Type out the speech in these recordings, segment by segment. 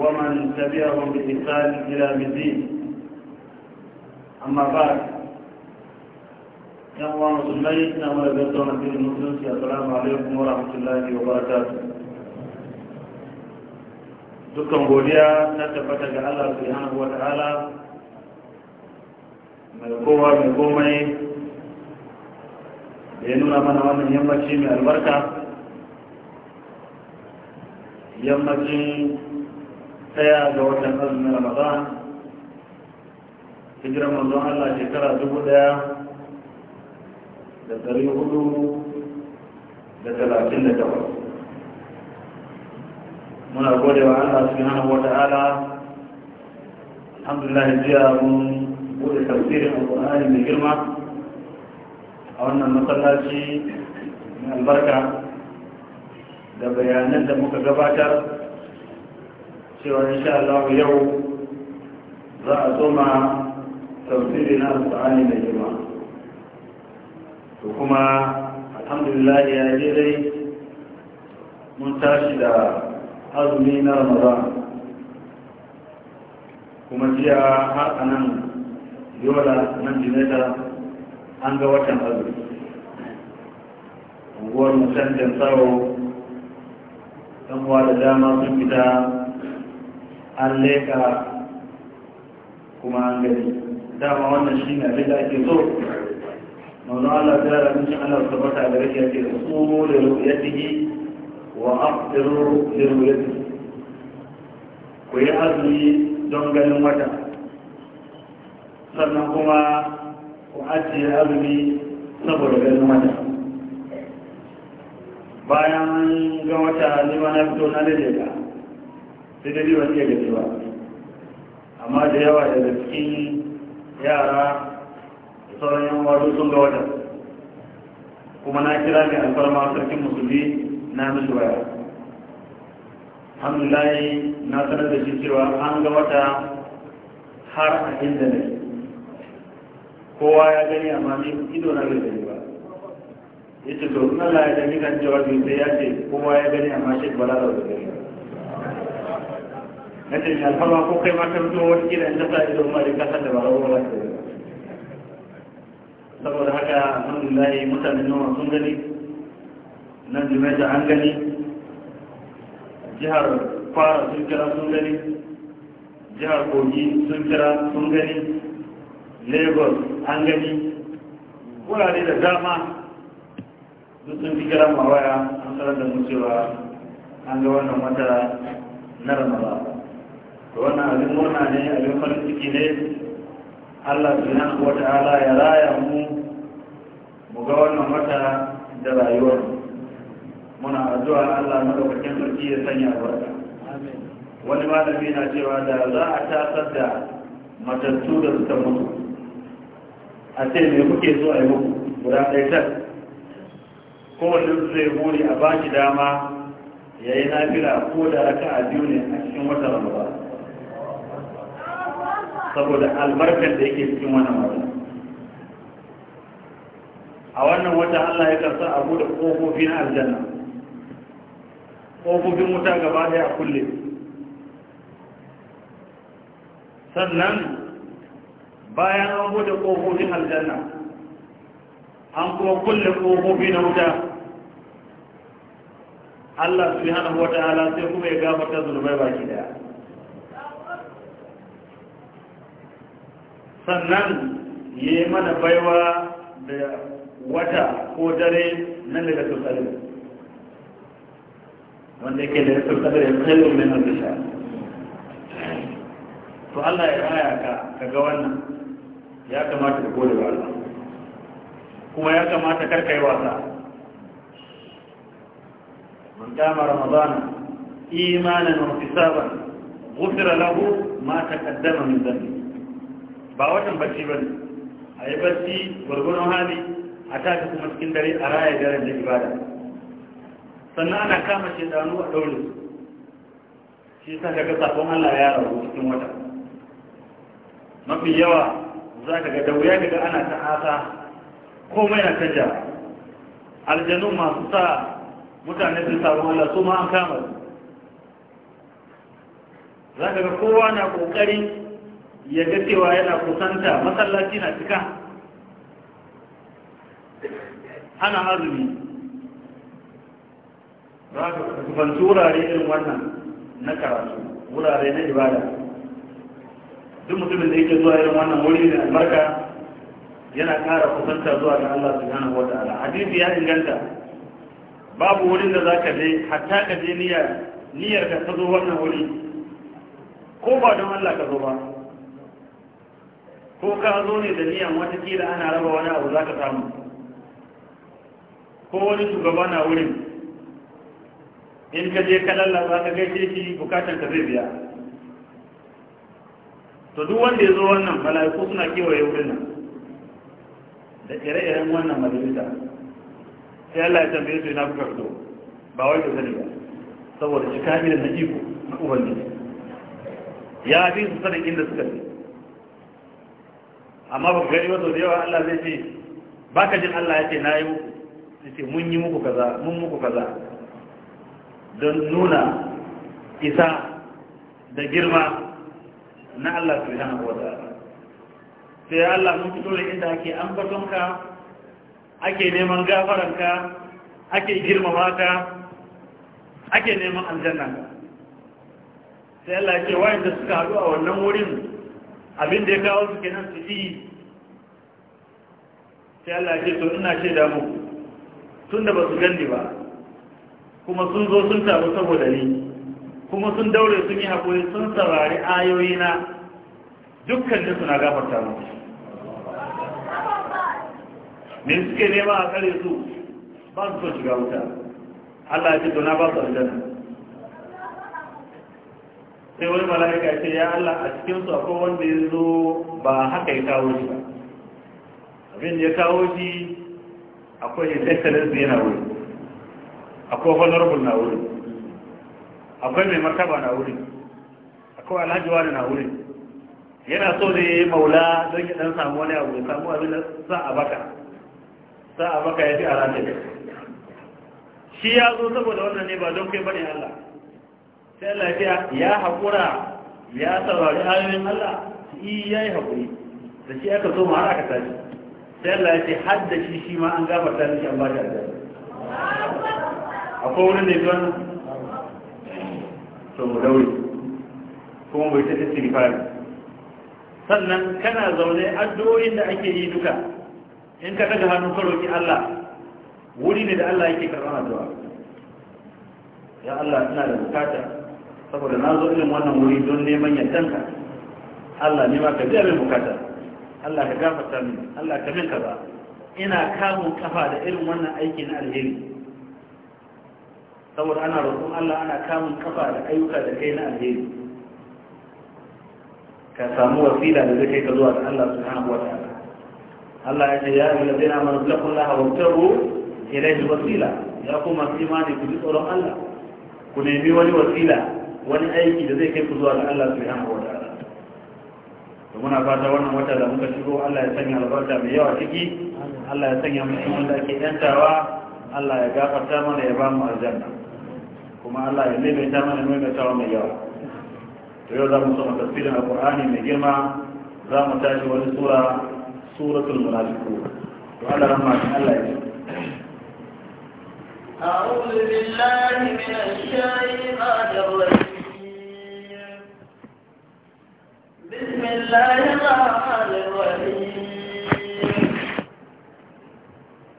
ومن تبعهم بإحسان إلى الدين أما بعد يا أخوان مسلمين نعم لبيتنا في المسلمين السلام عليكم ورحمة الله وبركاته dukkan godiya ta tabbata ga Allah subhanahu wa ta'ala mai kowa mai komai da ya nuna mana wannan yammaci mai albarka yammacin ɗaya ga watan azumin ramadan hijirar manzon Allah shekara dubu ɗaya da dari hudu da talatin da takwas muna gode wa Allah subhanahu wa ta'ala alhamdulillah jiya mun bude tafsirin alƙur'ani mai girma a wannan masallaci mai albarka da bayanan da muka gabatar cewa insha Allah yau za a soma tafsiri na alƙur'ani mai girma to kuma alhamdulillah ya je dai mun tashi da azumi na ramadan kuma jiya har a nan yola nan jineta an ga watan azumi unguwar mutan jansawo ɗan uwa da dama sun fita an leka kuma an gani dama wannan shi ne abin da ake so maunar Allah ta yara mun Allah su bata da rikiyar ke da su da tigi wa afdiru da ru'yatihi ku yi azumi don ganin wata sannan kuma ku ajiye azumi saboda ganin wata bayan ga wata ni ma na fito na daidaita sai dai ban iya gani ba amma da yawa daga cikin yara da sauran yan wato sun ga wata kuma na kira mai alfarma sarkin musulmi na mishi waya alhamdulillah na sanar da shi cewa an ga wata har a inda ne kowa ya gani amma ni ido na gani ba ce to "Ina Allah ya gani kan jawabi sai ya ce kowa ya gani amma shi bala da gani ba na ce alfama ko kai ma ta fito wani gina in sa ido ma da kasar da ba rawa ba saboda haka alhamdulillah mutanen nawa sun gani nan jimaita an gani jihar fara sun kira sun gani jihar kogi sun kira sun gani lagos an gani wurare da dama duk sun fi kira mawaya an sanar da mu cewa an ga wannan wata na ramadan wannan abin murna ne abin farin ciki ne allah subhanahu wa ta'ala ya raya mu mu ga wannan wata da rayuwar muna addu'a allah madaukakin sarki ya sanya albarka wani malami na cewa da za a tasar da matattu da suka mutu a ce me kuke so a yi muku guda ɗaya tas kowane zai buri a shi dama ya yi nafila ko da raka a biyu ne a cikin wata ramadan saboda albarkar da yake cikin wannan wata a wannan wata Allah ya karsa a bude kofofi na aljanna kofofin wuta gaba daya a kulle sannan bayan an bude kofofin aljanna an kuma kulle kofofi na wuta Allah hana wata ala sai kuma ya gafata zunubai baki daya sannan ya yi mana baiwa da wata ko dare nan da daga tsotsari wanda yake da tsotsari ya kai umin sha. to Allah ya haya ka kaga wannan ya kamata ka gode wa kuma ya kamata kar ka yi wasa من kama رمضان إيمانا wa hisaban ghufira lahu ma taqaddama min dhanbi ba watan bacci ba a yi bacci gwargwaron hali a tafi kuma cikin dare a raya daren da ibada sannan ana kama shaidanu a ɗaure su shi sa ka ga sabon Allah ya rabu cikin wata mafi yawa za ka ga da wuya ga ana ta ko komai na canja aljanu masu sa mutane sun sabon Allah su ma an kama su za ka ga kowa na ƙoƙarin ya ga cewa yana kusanta masallaci na cika ana azumi ba wurare irin wannan na karatu wurare na ibada duk mutumin da yake zuwa irin wannan wuri da albarka yana ƙara kusanta zuwa ga Allah subhanahu wa ta'ala hadisi ya inganta babu wurin da zaka je hatta ka je niyyar niyyar ka ta zo wannan wuri ko ba don Allah ka zo ba ko ka zo ne da niyan watakila ana raba wani abu za ka samu ko wani shugaba na wurin in ka je ka lallaba ka gaishe shi bukatan ka zai biya to duk wanda ya zo wannan mala'iku suna kewaye wurin nan da ire-iren wannan majalisa sai Allah ya tambaye su ina kuka fito ba wai ka sani ba saboda shi kamilin na iko na ubangiji ya fi su sanin inda suka fi amma ba ku gani wato da yawa Allah zai ce ba ka jin Allah ya ce na yi muku ya ce mun yi muku kaza mun muku kaza don nuna isa da girma na Allah su yana wata sai Allah mun fito da inda ake ambatonka ake neman gafaranka ake girmama ka ake neman aljannanka sai Allah ya ce wayanda suka haɗu a wannan wurin abin da ya kawo su kenan su fi, sai Allah ya ce to ina ce da mu tun da ba su gani ba kuma sun zo sun taru saboda ni kuma sun daure sun yi haƙuri sun saurari na dukkan da suna gafarta mu me suke nema a kare su ba su so shiga wuta Allah ya ce to na ba su aljanna sai wani mala'ika ce ya Allah a cikinsu akwai wanda ya zo ba haka ya kawo shi ba abin da ya kawo shi akwai excellence yana wuri akwai honorable na wuri akwai mai martaba na wuri akwai alhaji wani na wuri yana so da yi maula don ya dan samu wani abu ya samu abin da sa a baka sa a baka ya fi a ranar shi ya zo saboda wannan ne ba don kai bane Allah sai lafiya ya haƙura ya saurari ayoyin Allah shi ya yi haƙuri da shi aka zo har aka tashi sai lafiya har da shi shi ma an gafarta mishi an ba shi aljihar akwai wurin da ya wannan to mu daure kuma bai ta fari sannan kana zaune addu'o'in da ake yi duka in ka daga hannu ka Allah wuri ne da Allah yake karɓar addu'a ya Allah ina da bukata saboda na zo irin wannan wuri don neman yardanka Allah ne ma ka biya min bukata Allah ka gafata min Allah ka min kaza ina kamo kafa da irin wannan aiki na alheri saboda ana roƙon Allah ana kamo kafa da ayyuka da kai na alheri ka samu wasila da zai kai ka zuwa ga Allah subhanahu wataala Allah ya ce ya yi lazina man zakun laha wa tabu ilaihi wasila ya kuma imani ku ji tsoron Allah ku nemi wani wasila wani aiki da zai kai ku zuwa ga Allah subhanahu wa ta'ala to muna fata wannan wata da muka shigo Allah ya sanya albarka mai yawa ciki Allah ya sanya mu cikin wanda ake yantawa Allah ya gafarta mana ya ba mu aljanna kuma Allah ya ta mana maimaitawa mai yawa to yau za mu soma tafsirin alqur'ani mai girma za mu tashi wani sura suratul munafiqun to Allah rahma Allah ya أعوذ بالله من الشيطان الرجيم بسم الله الرحمن الرحيم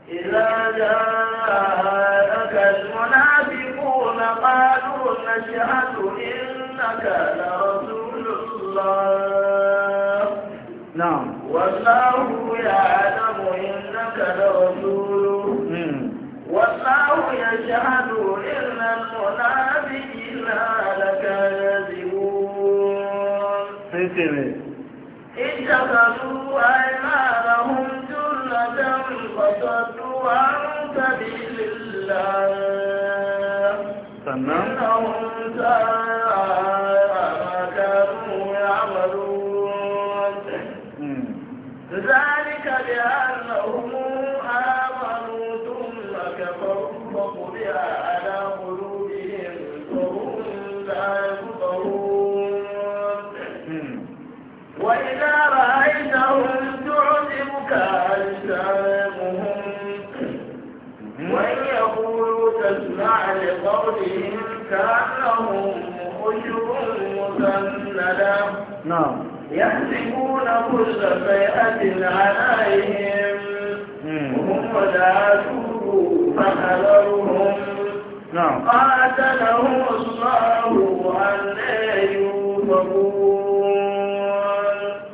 إذا جاءك المنافقون قالوا نشهد إنك لرسول الله نعم والله يعلم إنك لرسوله والله يشهد lẹ́sẹ̀ rẹ̀. ìjàkàlù àìmáàràhùn jùlọdẹ̀ ìpàtàkù àrùn tàbí lílà. كأنهم خشب مسندة نعم يحسبون كل فئة عليهم وهم دعسوه فحذرهم نعم قاتلهم الله أن يوفقون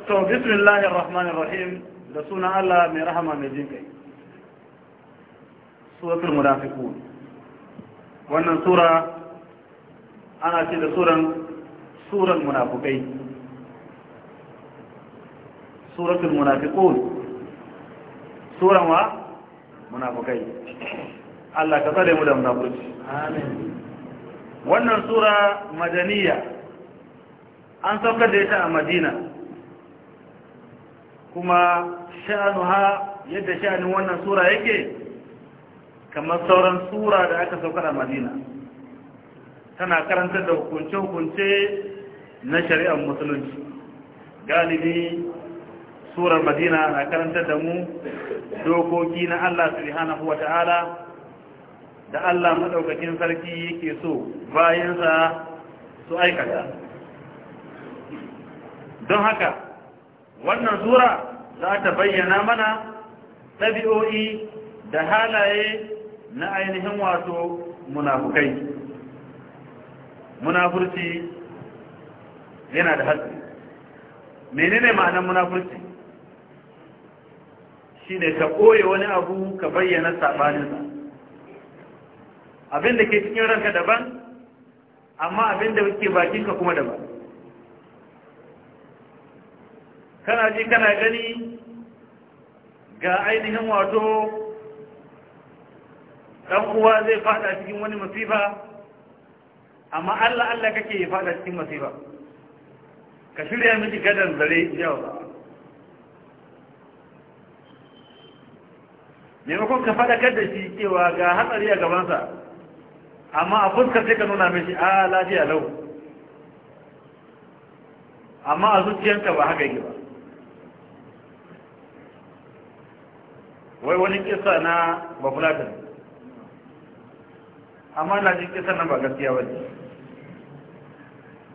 تو بسم الله الرحمن الرحيم لسونا الله من رحمة مجيكي سورة المنافقون wannan sura ana ce da suran suran munafukai suratul munafiqun suran wa munafukai Allah ka tsare mu da munafurci amin wannan sura madaniya an saukar da ita a Madina kuma sha'anuha yadda sha'anin wannan sura yake kamar sauran sura da aka saukar a Madina tana karantar da hukunce-hukunce na shari'ar musulunci galibi surar madina na karantar da mu dokoki na allah subhanahu wa ta'ala da allah maɗaukakin sarki yake so bayansa su aikata don haka wannan sura za ta bayyana mana ɗabi'o'i da halaye na ainihin wato munafukai munafurci yana da haske, menene ma'anar munafurci shine ka ɓoye wani abu ka bayyana saɓaninsa abin da ke cikin ranka daban amma abin da ke bakinka kuma daban kana ji kana gani ga ainihin wato ɗan uwa zai fada cikin wani masifa amma Allah Allah kake ya fada cikin masifa ka shirya miki gadan zare yau maimakon ka faɗakar da shi cewa ga hatsari a gabansa amma a fuskar sai ka nuna mishi a lafiya lau amma a zuciyarka ba haka yi ba wai wani kisa na bafulatin amma na jin kisa nan ba gaskiya wajen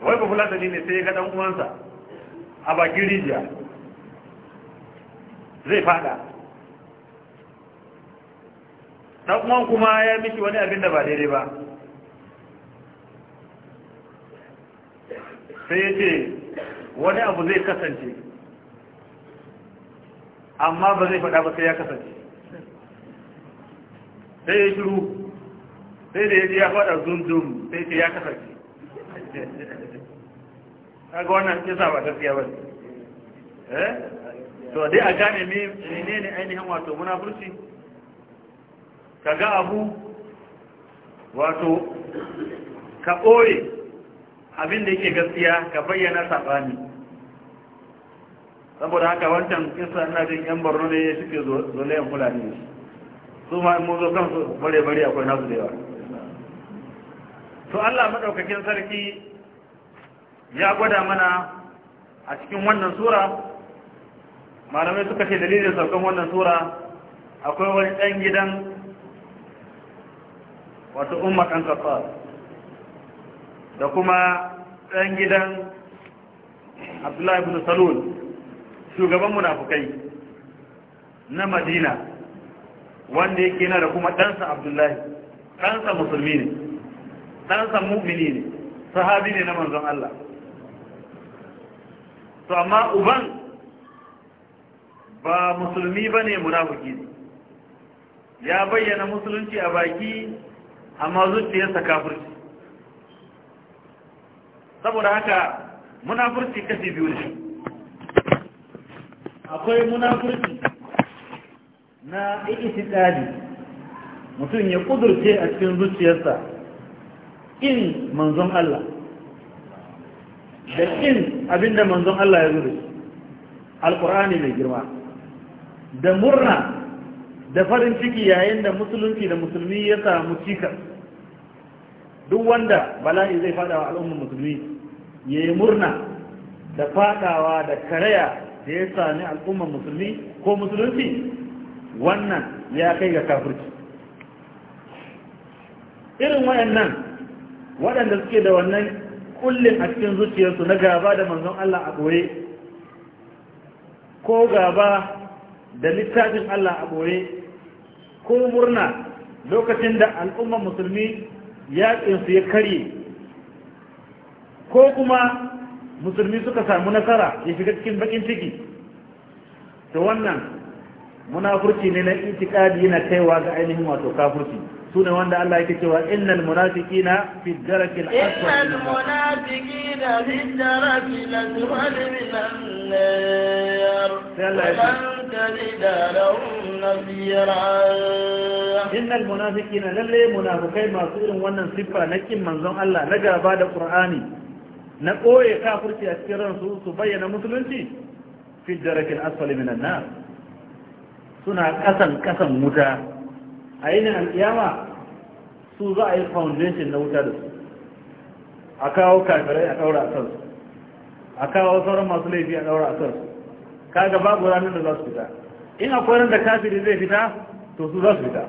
wai ba fulata ne sai ya ga dan uwansa a bakin rijiya zai fada dan uwan kuma ya miki wani abin da ba daidai ba sai ya ce wani abu zai kasance amma ba zai fada ba sai ya kasance sai ya shiru sai da ya ji ya fada zundum sai ce ya kasance kaga wannan kisa ba gaskiya ba eh to dai a gane ne ne ainihin wato munafurci kaga abu wato ka ɓoye abin da yake gaskiya ka bayyana saɓani saboda haka wancan kisa na jin yan borno ne suke zolayen fulani su ma mun zo kansu bare-bare akwai nasu da yawa to Allah madaukakin sarki ya gwada mana a cikin wannan sura malamai suka ce dalilin saukan wannan sura akwai wani ɗan gidan wato ɗan kan da kuma ɗan gidan abdullahi ibn salul shugaban munafukai na madina wanda yake na da kuma ɗansa abdullahi ɗansa musulmi ne ɗansa mu'mini ne sahabi ne na manzon Allah to amma uban ba musulmi ba ne munafiki ne ya bayyana musulunci a baki amma zuciyarsa kafirci saboda haka munafurci kashi biyu ne akwai munafurci na ikitali mutum ya kudurce a cikin zuciyarsa in manzon Allah da in abinda manzon Allah ya zuri alkur'ani mai girma da murna da farin ciki yayin da musulunci da musulmi ya samu cikas duk wanda bala'i zai fada wa al'ummar musulmi ya yi murna da fadawa da karaya da ya sami al'ummar musulmi ko musulunci wannan ya kai ga kafirci irin wayannan waɗanda suke da wannan kullum a cikin zuciyarsu na gaba da manzon Allah a ɓoye ko gaba da littafin Allah a ɓoye ko murna lokacin da al'ummar musulmi yaƙinsu ya karye ko kuma musulmi suka samu nasara ya shiga cikin baƙin ciki to wannan munafurci ne na itikadi yana kaiwa ga ainihin wato kafurci sune wanda Allah yake cewa innal munafiqina fi daraki al-asfal innal munafiqina na daraki al-asfal min an-nar lan tajida lahum nasira innal munafiqina lalle munafukai masu irin wannan siffa na kin manzon Allah na gaba da Qur'ani na koye kafirci a cikin ransu su bayyana musulunci fi daraki al-asfal na, suna kasan kasan wuta a yi alkiyama su za a yi foundation na wuta da su a kawo kafirai a ɗaura a kan su a kawo sauran masu laifi a ɗaura a kan kansu kaga babu ranar da za su fita in akwai ran da kafiri zai fita to su za su fita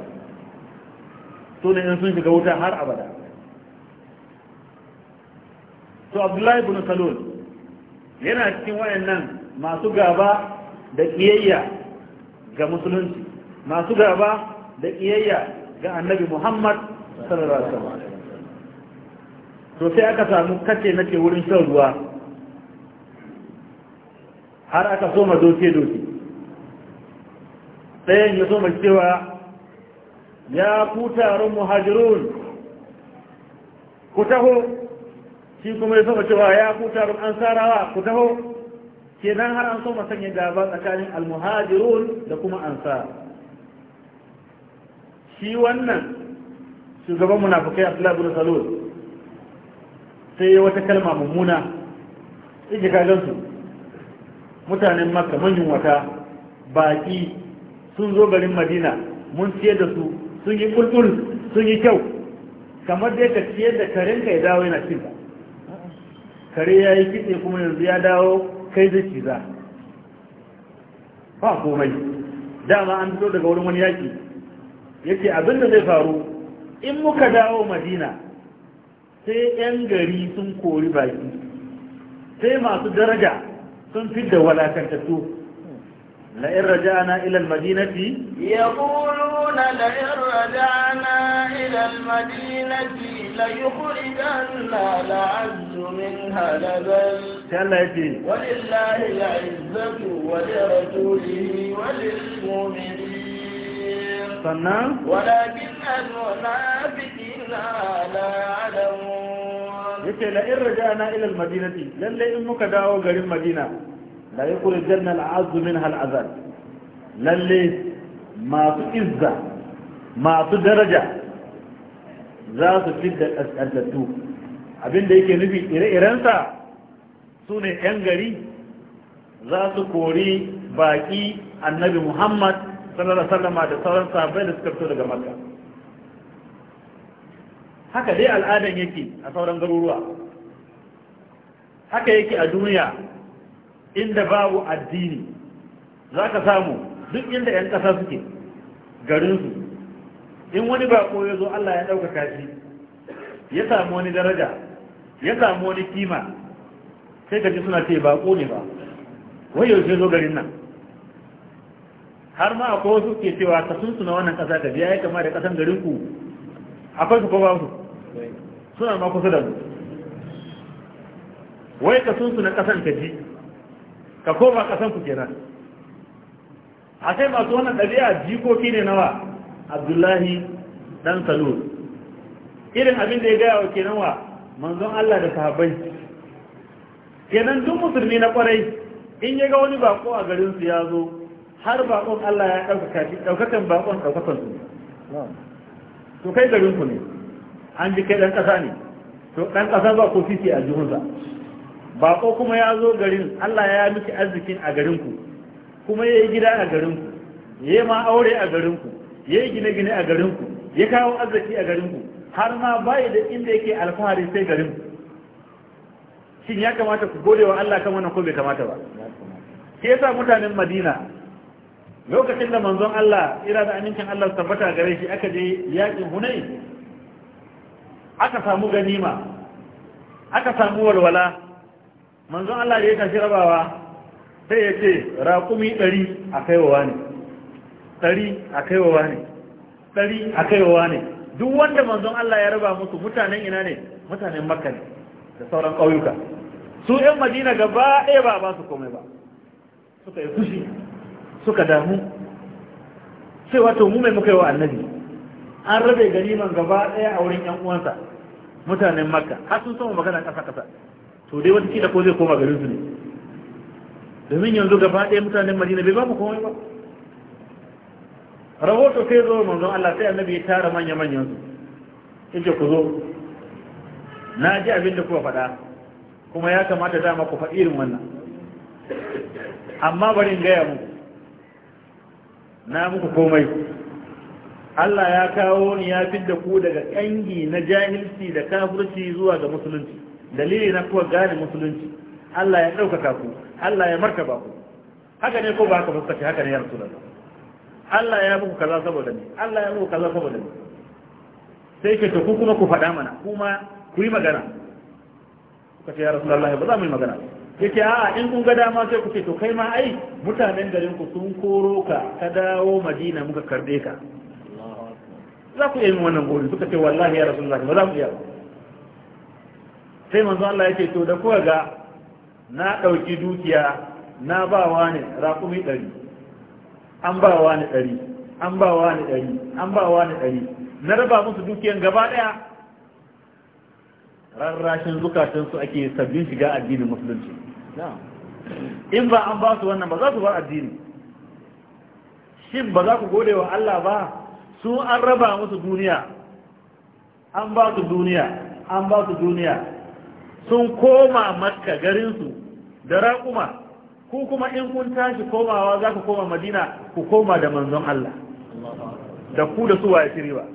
su ne in sun shiga wuta har abada to abdullahi bin salul yana cikin wayannan masu gaba da kiyayya ga musulunci masu gaba da kiyayya ga annabi Muhammad sallallahu alaihi wasallam to sai aka samu kace nake wurin shan ruwa har aka soma doke doke ɗayan ya soma cewa ya ku taron muhajirun ku taho shi kuma ya soma cewa ya ku taron ansarawa ku taho kenan har an soma sanya gaba tsakanin almuhajirun da kuma ansar shi wannan shugaban munafukai abdullahi bin salul sai ya wata kalma mummuna ije su. mutanen maka manyan wata baƙi sun zo garin madina mun siyar da su sun yi kulkul sun yi kyau kamar dai ka siyar da karen ka ya dawo yana cin kare ya yi kitse kuma yanzu ya dawo kai zai ci za ba komai dama an fito daga wurin wani yaki yake abin da zai faru in muka dawo madina sai 'yan gari sun kori baki sai masu daraja sun fi da walakantattu la'in raja'ana ilal madinati ya na la'in raja'ana ilal madinati la yi kuridanna la'azzu min halabal tallafi walillahi la'izzatu wa liratulihi walil mu'minin sannan walakin la yace la in raja'na ila madinati lalle in muka dawo garin madina la yukhrijanna al-azzu minha al-azab lalle masu izza masu daraja za su fidda kaskantattu abinda yake nufi ire-irensa su ne 'yan gari za su kori baƙi annabi muhammad sallallahu sallama da sauran sahabbai da suka fito daga makka haka dai al'adan yake a sauran garuruwa haka yake a duniya inda babu addini za ka samu duk inda 'yan ƙasa suke garinsu in wani bako ya zo Allah ya ɗaukaka shi ya samu wani daraja ya samu wani kima sai ka ji suna ce bako ne ba wai yaushe zo garin nan har ma akwai wasu ke cewa ka sun suna wannan ƙasa ka biya ya kama da ƙasan garin ku akwai su ko su suna ma kusa da mu wai ka sun suna ƙasan ka ji ka koma ƙasan ku kenan a sai masu wannan ɗabi'a jikoki ne nawa abdullahi dan salur irin abin da ya gaya wa kenan wa manzon Allah da sahabbai kenan duk musulmi na kwarai in ya ga wani bako a garinsu ya zo har baƙon Allah ya ɗaukaka shi ɗaukakan baƙon ɗaukakan su to kai garin ku ne an ji kai ɗan ƙasa ne to ɗan ƙasa ba ko fifi a jihunsa Baƙo kuma ya zo garin Allah ya miki arzikin a garin ku kuma ya yi gida a garin ku ya ma aure a garin ku ya yi gine-gine a garin ku ya kawo arziki a garin ku har ma bayi da inda yake alfahari sai garin ku shin ya kamata ku gode wa Allah kan wannan ko bai kamata ba ke yasa mutanen Madina lokacin da manzon Allah ira da amincin Allah tabbata gare shi aka je yakin hunai aka samu ganima aka samu walwala manzon Allah da ya tashi rabawa sai ya ce raƙumi ɗari a kaiwawa ne ɗari a ne ɗari a ne duk wanda manzon Allah ya raba musu mutanen ina ne mutanen makka ne da sauran ƙauyuka su 'yan madina gaba ɗaya ba ba su komai ba suka yi fushi suka damu Sai wato mu mai muka yi wa annabi an rabe man gaba ɗaya a wurin yan uwansa mutanen makka har sun sama magana ƙasa ƙasa to dai wata kila ko zai koma garin su ne domin yanzu gaba ɗaya mutanen madina bai ba mu komai ba rahoto sai zo manzon Allah sai annabi ya tara manya manyan su yace ku zo na ji abin da kuka faɗa kuma ya kamata dama ku faɗi irin wannan amma bari in gaya mu na muku komai Allah ya kawo ni ya fidda ku daga kangi na jahilci da kafirci zuwa ga musulunci dalili na kuwa gane musulunci Allah ya ɗaukaka ku Allah ya martaba ku haka ne ko ba ka fuskaci haka ne ya rasu Allah ya muku kaza saboda ni Allah ya muku kaza saboda ni sai ke ku kuma ku faɗa mana kuma ku yi magana ku ce ya rasu Allah ba za mu yi magana yake a in kun ga dama sai ku ce to kai ma ai mutanen garin ku sun koro ka ka dawo madina muka karbe ka za ku yi wannan gori suka ce wallahi ya rasulullah ba za mu iya sai manzo Allah yake to da kuka ga na dauki dukiya na ba wa ne raƙumi ɗari an ba wa ne ɗari an ba wa ne ɗari an ba wa ne ɗari na raba musu dukiyan gaba ɗaya rarrashin zukatansu ake sabbin shiga addinin musulunci in ba an ba su wannan ba za su bar addini shin ba za ku gode wa Allah ba su an raba musu duniya an ba su duniya an ba su duniya sun koma makka garinsu da raƙuma ku kuma in kun tashi komawa za ku koma madina ku koma da manzon Allah da ku da su waye fi riba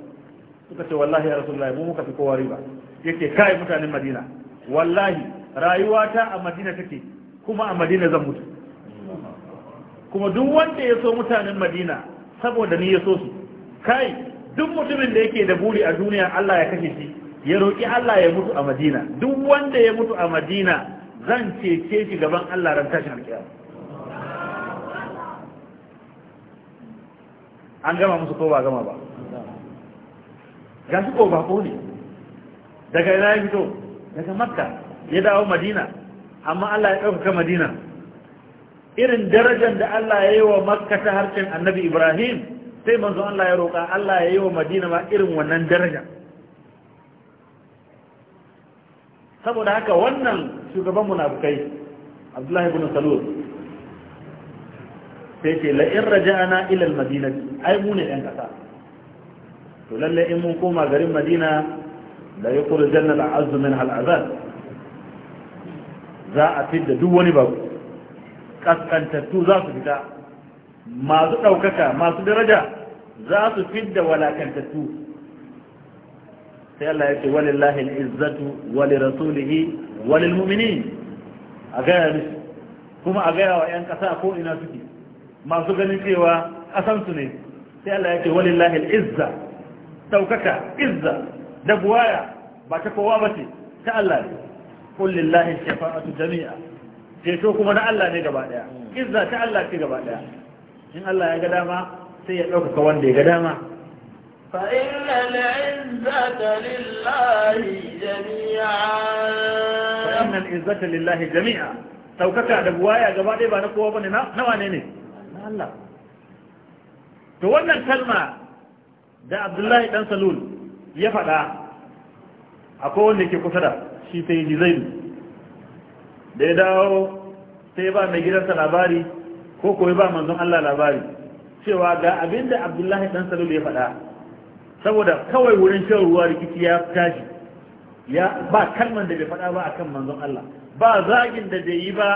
suka ce wallahi ya rasulullahi mu muka fi kowa riba yake kai mutanen madina wallahi rayuwata a madina take kuma a madina zan mutu kuma duk wanda ya so mutanen madina saboda ni ya so su kai duk mutumin da yake da buri a duniya Allah ya kashe shi ya roƙi Allah ya mutu a madina duk wanda ya mutu a madina zan cece shi gaban Allah ran tashin an gama musu ko ba gama ba ga su ko ba ko ne daga ina ya fito daga makka ya dawo madina amma Allah ya ɗaukaka madina irin darajar da Allah ya yi wa makka ta harshen annabi ibrahim sai manzo Allah ya roƙa Allah ya yi wa madina ma irin wannan daraja saboda haka wannan shugaban bukai, abdullahi ibn salul sai ce la in raja'ana ila al-madinati ai mu ne yan kasa to lallai in mun koma garin madina da ya al-azm min al-azab za a fidda duk wani babu kaskantattu za su fita masu ɗaukaka masu daraja za su fidda walakantattu sai Allah ya ce walillahi izzatu wani rasulihi wani mumini a gaya musu kuma a gaya wa 'yan ƙasa ko ina suke masu ganin cewa ƙasansu ne sai Allah ya ce walillahi izza ɗaukaka izza da buwaya ba ta kowa ba ce ta Allah ne kullin lahin shafa'atu jami'a ceto kuma na Allah ne gaba daya ta Allah ce gaba in Allah ya ga dama sai ya ɗaukaka wanda ya ga dama فإن العزة لله جميعا فإن العزة لله جميعا لو كتا دبوايا جبادي بانا قوة بنا نواني ني الله تولنا الكلمة da Abdullahi dan Salul ya faɗa akwai wanda ke kusa da shi sai zai zaidu da ya dawo sai ba mai gidansa labari ko koyi ba manzon Allah labari cewa ga abinda abdullahi ɗan salul ya faɗa saboda kawai wurin shan ruwa rikici ya tashi ya ba kalman da bai faɗa ba akan manzon Allah ba zagin da bai yi ba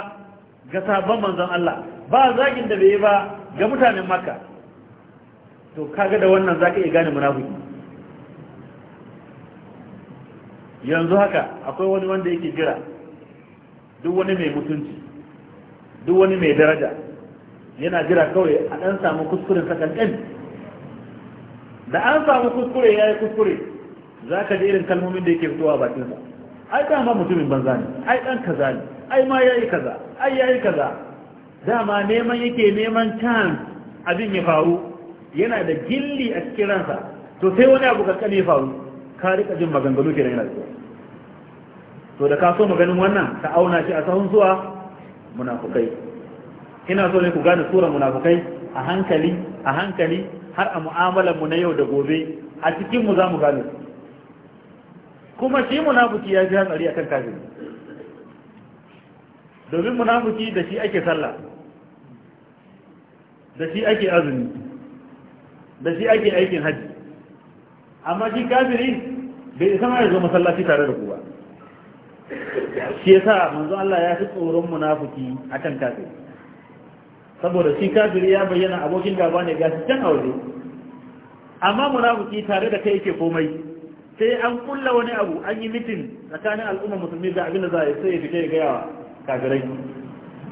ga sabon manzon Allah ba zagin da bai yi ba ga mutanen makka to kaga da wannan zaka iya gane munafiki yanzu haka akwai wani wanda yake jira duk wani mai mutunci duk wani mai daraja yana jira kawai a ɗan samu kuskuren kankan da an samu kuskure ya yi kuskure za ka ji irin kalmomin da yake fitowa bakinsa ai dama mutumin banza ne ai ɗan kaza ne ai ma ya yi kaza ai ya yi kaza dama neman yake neman can abin ya faru yana da gilli a cikin ransa to sai wani abu kankani ya faru ka rika jin maganganu ke da yana zuwa to da ka so mu ganin wannan ta auna shi a sahun zuwa munafukai ina so ne ku gane sura munafukai a hankali a hankali har a mu'amalar mu na yau da gobe a cikin mu za mu gane kuma shi munafuki ya ji hatsari akan kafin, domin munafuki da shi ake sallah da shi ake azumi da shi ake aikin hajji amma shi kafiri bai isa ma ya zo masallaci tare da ku ba shi sa manzo Allah ya fi tsoron munafiki kan kafiri saboda shi kafiri ya bayyana abokin gaba ne ga can aure amma munafiki tare da kai yake komai sai an kulla wani abu an yi mitin tsakanin al'ummar musulmi da abin da za a yi sai ya fita ya gaya wa kafirai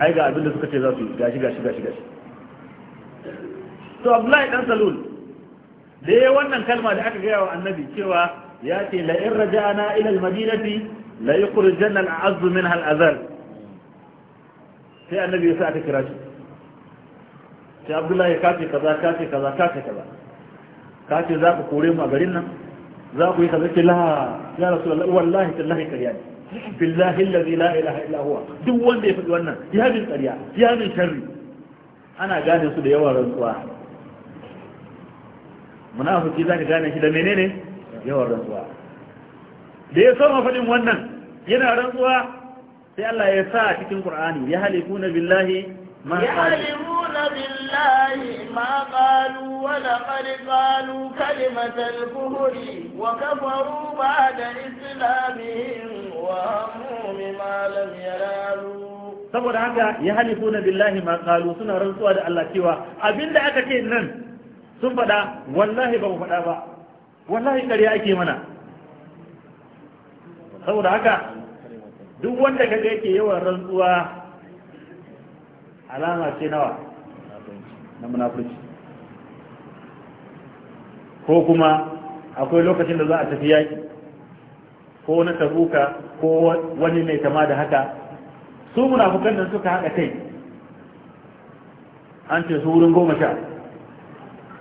ai ga abin da suka ce za su yi gashi gashi gashi gashi to Abdullahi dan Salul da yayin wannan kalma da aka gaya wa annabi cewa ya ce la in raja'ana ila al-madinati la yukhrijanna al'azzu minha sai annabi ya sa aka kira sai abdullahi kace kaza kace kaza kace kaza kace za ku kore mu a garin nan za ku yi kaza ce la ya rasulullah wallahi tallahi kariya ne billahi allazi la ilaha illa duk wanda ya faɗi wannan ya bin kariya ya bin sharri ana gane su da yawan rantsuwa munafiki zaka gane shi da menene yawan rantsuwa da ya sama faɗin wannan yana rantsuwa sai Allah ya sa a cikin Qur'ani ya halifuna na billahi ma qalu wa laqad qalu kalimatal kufri wa kafaru ba'da islamihim wa hum mimma lam yaralu saboda haka ya na billahi ma qalu suna rantsuwa da Allah cewa abinda aka ce nan sun faɗa wallahi ba mu faɗa ba wallahi ƙarya ake mana saboda haka duk wanda kaga yake yawan rantsuwa alama ce nawa na munafurci ko kuma akwai lokacin da za a tafi yaki ko na tabuka ko wani mai kama da haka su munafukan nan suka haɗa kai an ce su wurin goma sha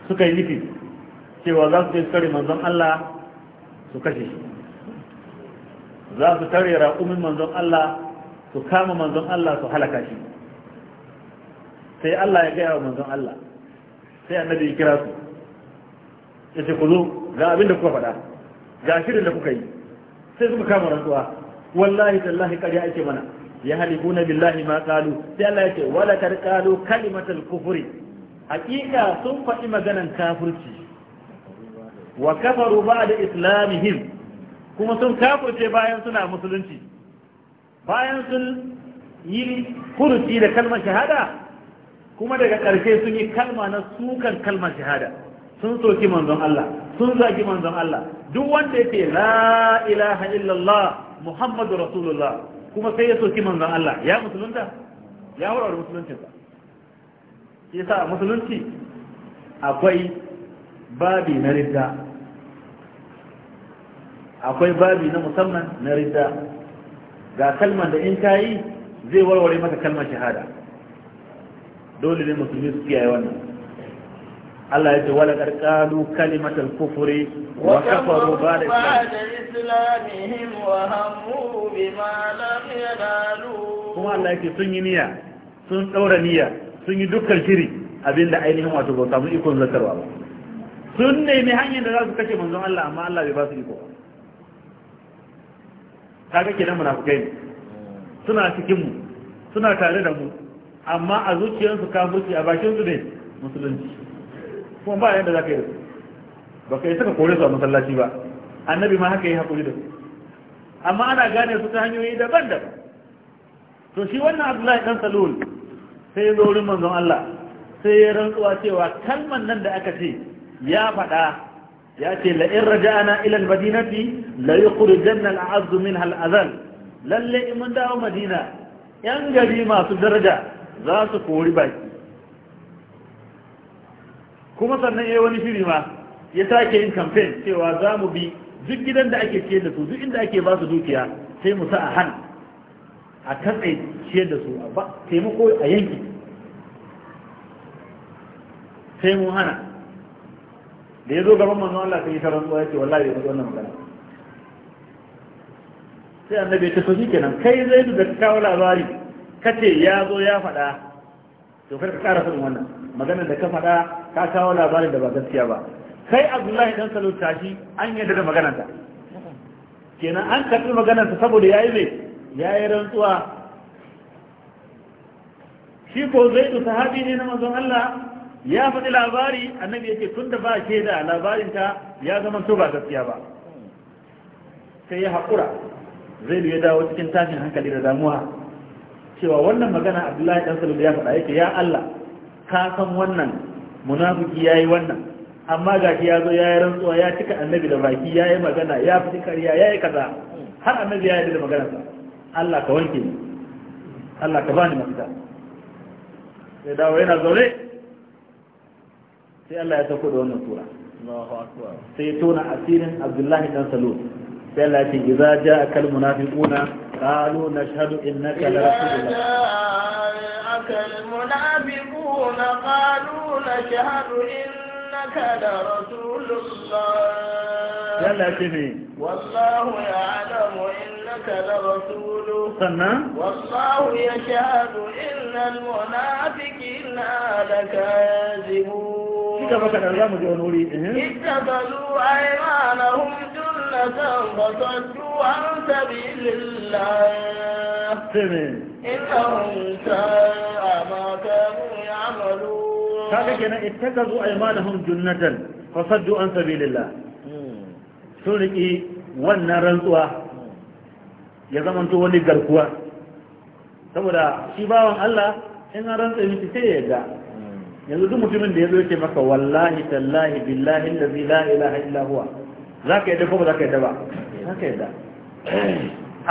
suka yi nufi cewa za su je su kare manzon Allah su kashe shi za su tare raƙumin manzon Allah su kama manzon Allah su halaka shi sai Allah ya gaya wa manzon Allah sai annabi ya kira su ya ce ku zo ga abin da kuka faɗa ga shirin da kuka yi sai suka kama rantsuwa wallahi tallahi ƙarya ake mana ya halifuna billahi ma qalu sai Allah ya ce wala kad qalu kalimatul kufri hakika sun faɗi maganan kafirci wa kafaru da islamihim kuma sun kafurce bayan suna musulunci bayan sun yi kurci da kalmar shahada kuma daga ƙarshe sun yi kalma na sukan kalmar shahada sun soki manzon Allah sun zagi manzon Allah duk wanda ya ce la ilaha illallah muhammadu rasulullah kuma sai ya soki manzon Allah ya musulunta ya warware musuluncinsa yasa musulunci akwai babi na ridda akwai babi na musamman na ridda ga kalmar da in kayi yi zai warware maka kalmar shahada dole ne musulmi su kiyaye wannan Allah ya ce wala karkalu kalimatal kufri wa kafaru ba'da islamihim wa hammu bima lam yanalu kuma Allah yake sun yi niyya sun daura niyya sun yi dukkan shiri abinda ainihin wato ba samu ikon zakarwa ba sun nemi hanyar da za su kashe manzon Allah amma Allah bai ba su iko ba kaga kenan munafikai ne suna cikin mu suna tare da mu amma a zuciyarsu kafirci a bakin su ne musulunci kuma ba yadda zaka yi ba kai saka kore su a masallaci ba annabi ma haka yi hakuri da su amma ana gane su ta hanyoyi daban-daban to shi wannan Abdullahi dan Salul sai ya zo wurin manzon Allah sai ya rantsuwa cewa kalman nan da aka ce ya faɗa ya ce la'in raja'ana ilal madinati la yukhrijanna al'azzu minha al'azal lalle in mun dawo madina yan gari masu daraja za su kori baki kuma sannan yayi wani shiri ma ya sake yin campaign cewa za mu bi duk gidan da ake ciyar da su duk inda ake ba su dukiya sai mu sa a hannu a katse ciyar da su a taimako a yanki sai mu hana da ya zo gaban manzo Allah sai ya rantsuwa tsoya wallahi bai faɗi wannan magana sai annabi ya ce kenan kai zai da kawo labari kace ya zo ya faɗa to kar ka ƙara faɗin wannan maganar da ka faɗa ka kawo labarin da ba gaskiya ba kai abdullahi dan salo tashi an yadda da maganar ta kenan an karɓi maganar ta saboda yayi mai yayi rantsuwa shi ko zai sahabi ne na manzon Allah ya faɗi labari annabi yake tun da ba ke da labarinta ya zama to ba gaskiya ba sai ya haƙura zai ya dawo cikin tashin hankali da damuwa cewa wannan magana abdullahi ɗan salu ya faɗa yake ya allah ka san wannan munafuki ya yi wannan amma ga ya zo ya yi rantsuwa ya cika annabi da baki ya yi magana ya fi karya ya yi kaza har annabi ya yi da maganarsa allah ka wanke ni allah ka bani mafita sai dawo yana zaune sai Allah ya sauko da wannan sura sai ya tona asirin Abdullahi dan salut sai Allah ya ce idza ja kal munafiquna qalu nashhadu innaka la rasulullah kal munafiquna qalu nashhadu innaka la rasulullah Allah ya wallahu ya'lamu innaka la rasuluhu sannan wallahu yashhadu innal munafiqina ta baka nan za mu je wani wuri ittabalu aymanahum junnatan fasaddu an sabilillah innahum sa'a ma kanu ya'malun kaga kenan ittakazu aymanahum junnatan fasaddu an sabilillah hmm. sun riƙi wannan rantsuwa ya zamanto wani garkuwa saboda shi bawan Allah in an rantsa miki sai ya ga yanzu duk mutumin da ya zo yake maka wallahi tallahi billahi allazi la ilaha illa huwa zaka yadda ko ba zaka yadda ba zaka yadda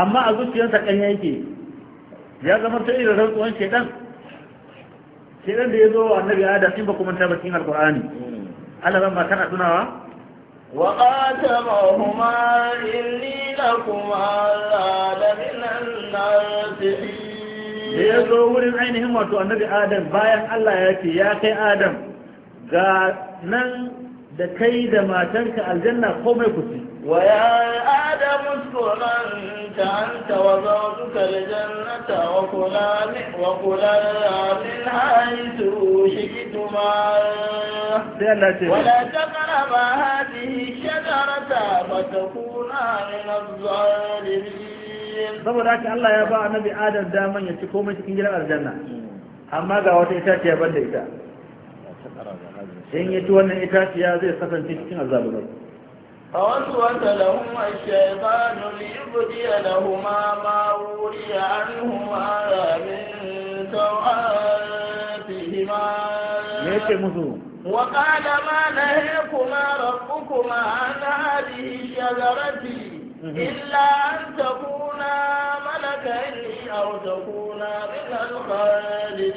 amma a zuciyarsa kanya yake ya zama ta irin rantsuwan shedan shedan da ya zo annabi adam in ba kuma ta cikin alqur'ani Allah ran ba kana tunawa wa qatamahuma inni lakuma la min da ya zo wurin ainihin wato annabi adam bayan Allah ya ce ya kai adam ga nan da kai da matanka aljanna komai ku ci wa ya adam uskun anta anta wa zawjuka aljannata wa kula wa kula min haythu shi'tuma ولا تقربا هذه الشجرة فتكونا من الظالمين saboda haka Allah ya ba annabi Adam daman ya ci komai cikin gidan aljanna amma ga wata itaciya ban da ita in ya ci wannan itaciya zai kasance cikin azaburai فوسوس لهما الشيطان ليبدي لهما ما وري عنهما من سوآتهما وقال ما نهيكما ربكما عن هذه الشجرة إلا أن تكونا ملكين أو تكونا من الخالدين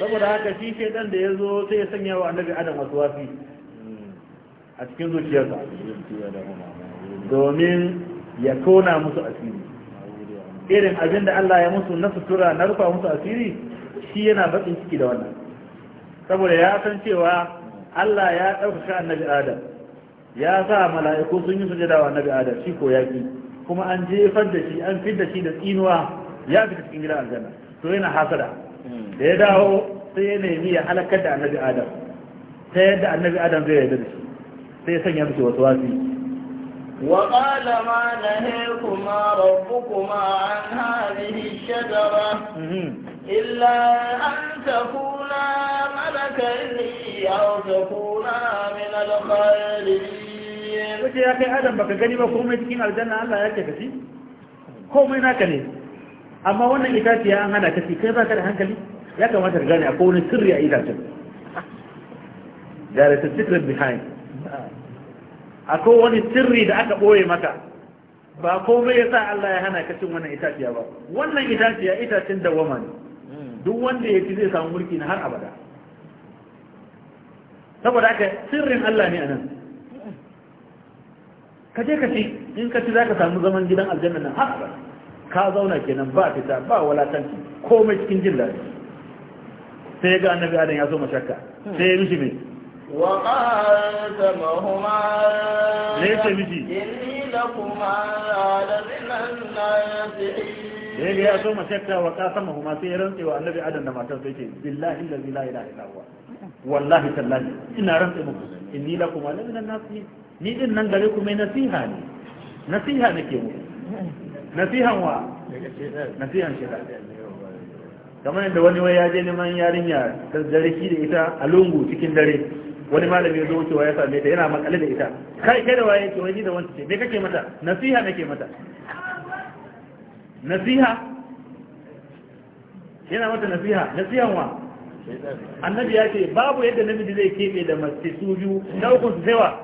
saboda haka shi dan da ya zo sai ya sanya wa annabi adam wasu a cikin zuciyarsa domin ya kona musu asiri irin abin da Allah ya musu na sutura na rufa musu asiri shi yana bakin ciki da wannan saboda ya san cewa Allah ya ɗaukaka annabi adam ya sa mala'iku sun yi sujada wa annabi adam shi ko yaki kuma an jefar da shi an fidda shi da tsinuwa ya fita cikin gidan aljanna to yana hasada da ya dawo sai ya nemi ya halakar da annabi adam ta yadda annabi adam zai yadda da shi sai ya sanya musu wasu wasi وقال ما نهيكما an عن هذه mhm. illa an takuna تكونا ملكين أو min al-khalidin mace ya kai adam baka gani ba komai cikin aljanna Allah ya ce kafi komai naka ne amma wannan itaciya an hana ci kai baka da hankali ya kamata ka gane akwai wani sirri a itacen there is a secret behind akwai wani sirri da aka boye maka ba komai ya sa Allah ya hana ka cin wannan itaciya ba wannan itaciya itacen dawama ne duk wanda ya ci zai samu mulki na har abada saboda haka sirrin Allah ne anan ka je ka ci in ka ci za ka samu zaman gidan aljanna nan haka ka zauna kenan ba fita ba walatanci komai cikin jin daɗi sai ga annabi adam ya so mashakka sai ya mishi mai وقال سمهما ليس مجي da ya so mashakka wa kasa ma sai ya rantse wa annabi adam da matar sai ce billahi la ilaha illa huwa wallahi tallahi ina rantse muku inni lakum ala min nasi ni din nan gare ku mai nasiha ne nasiha nake muku nasihan wa nasihan shi kamar yadda wani wai ya je neman yarinya da dare shi da ita a lungu cikin dare wani malami ya zo wucewa ya same ta yana makale da ita kai kai da waye ce wai ni da wancan ce me kake mata nasiha nake mata nasiha yana mata nasiha nasihan wa annabi ya ce babu yadda namiji zai keɓe da mace su biyu na ukun su saiwa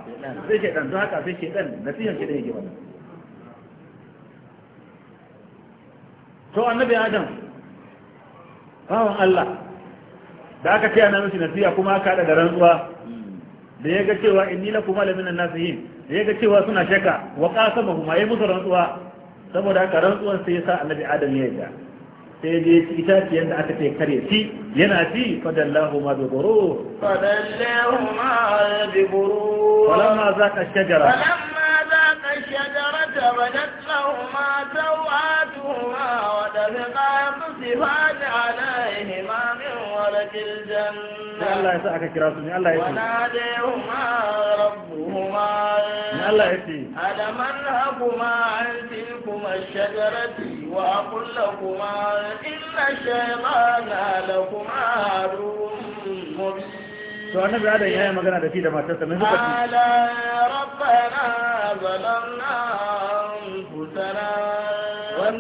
sai ke ɗan haka sai ke ɗan nasihan ke ɗan yake wannan to annabi adam bawan Allah da aka ce ana mishi nasiha kuma aka haɗa da rantsuwa da ya ga cewa inni la kuma lamina nasihin da ya ga cewa suna shaka wa qasama huma ya musu rantsuwa saboda haka rantsuwan sai ya sa annabi adam ya yarda sai dai ci itaciyar da aka ce kare ci yana ci fadallahu ma bi guru fadallahu ma bi guru falamma zaqa shajara falamma zaqa shajara بدت لهما سوآتهما وتفقا يقصفان عليهما من ولد الجنة الله يسألك كراسوني الله يسألك وناديهما ربهما الله يسألك ألم أنهكما عن تلكما الشجرة وأقول لكما إن الشيطان لكما عدو مبين to annabi adam yayi magana da shi da matarsa mai suka ce ala rabbana zalamna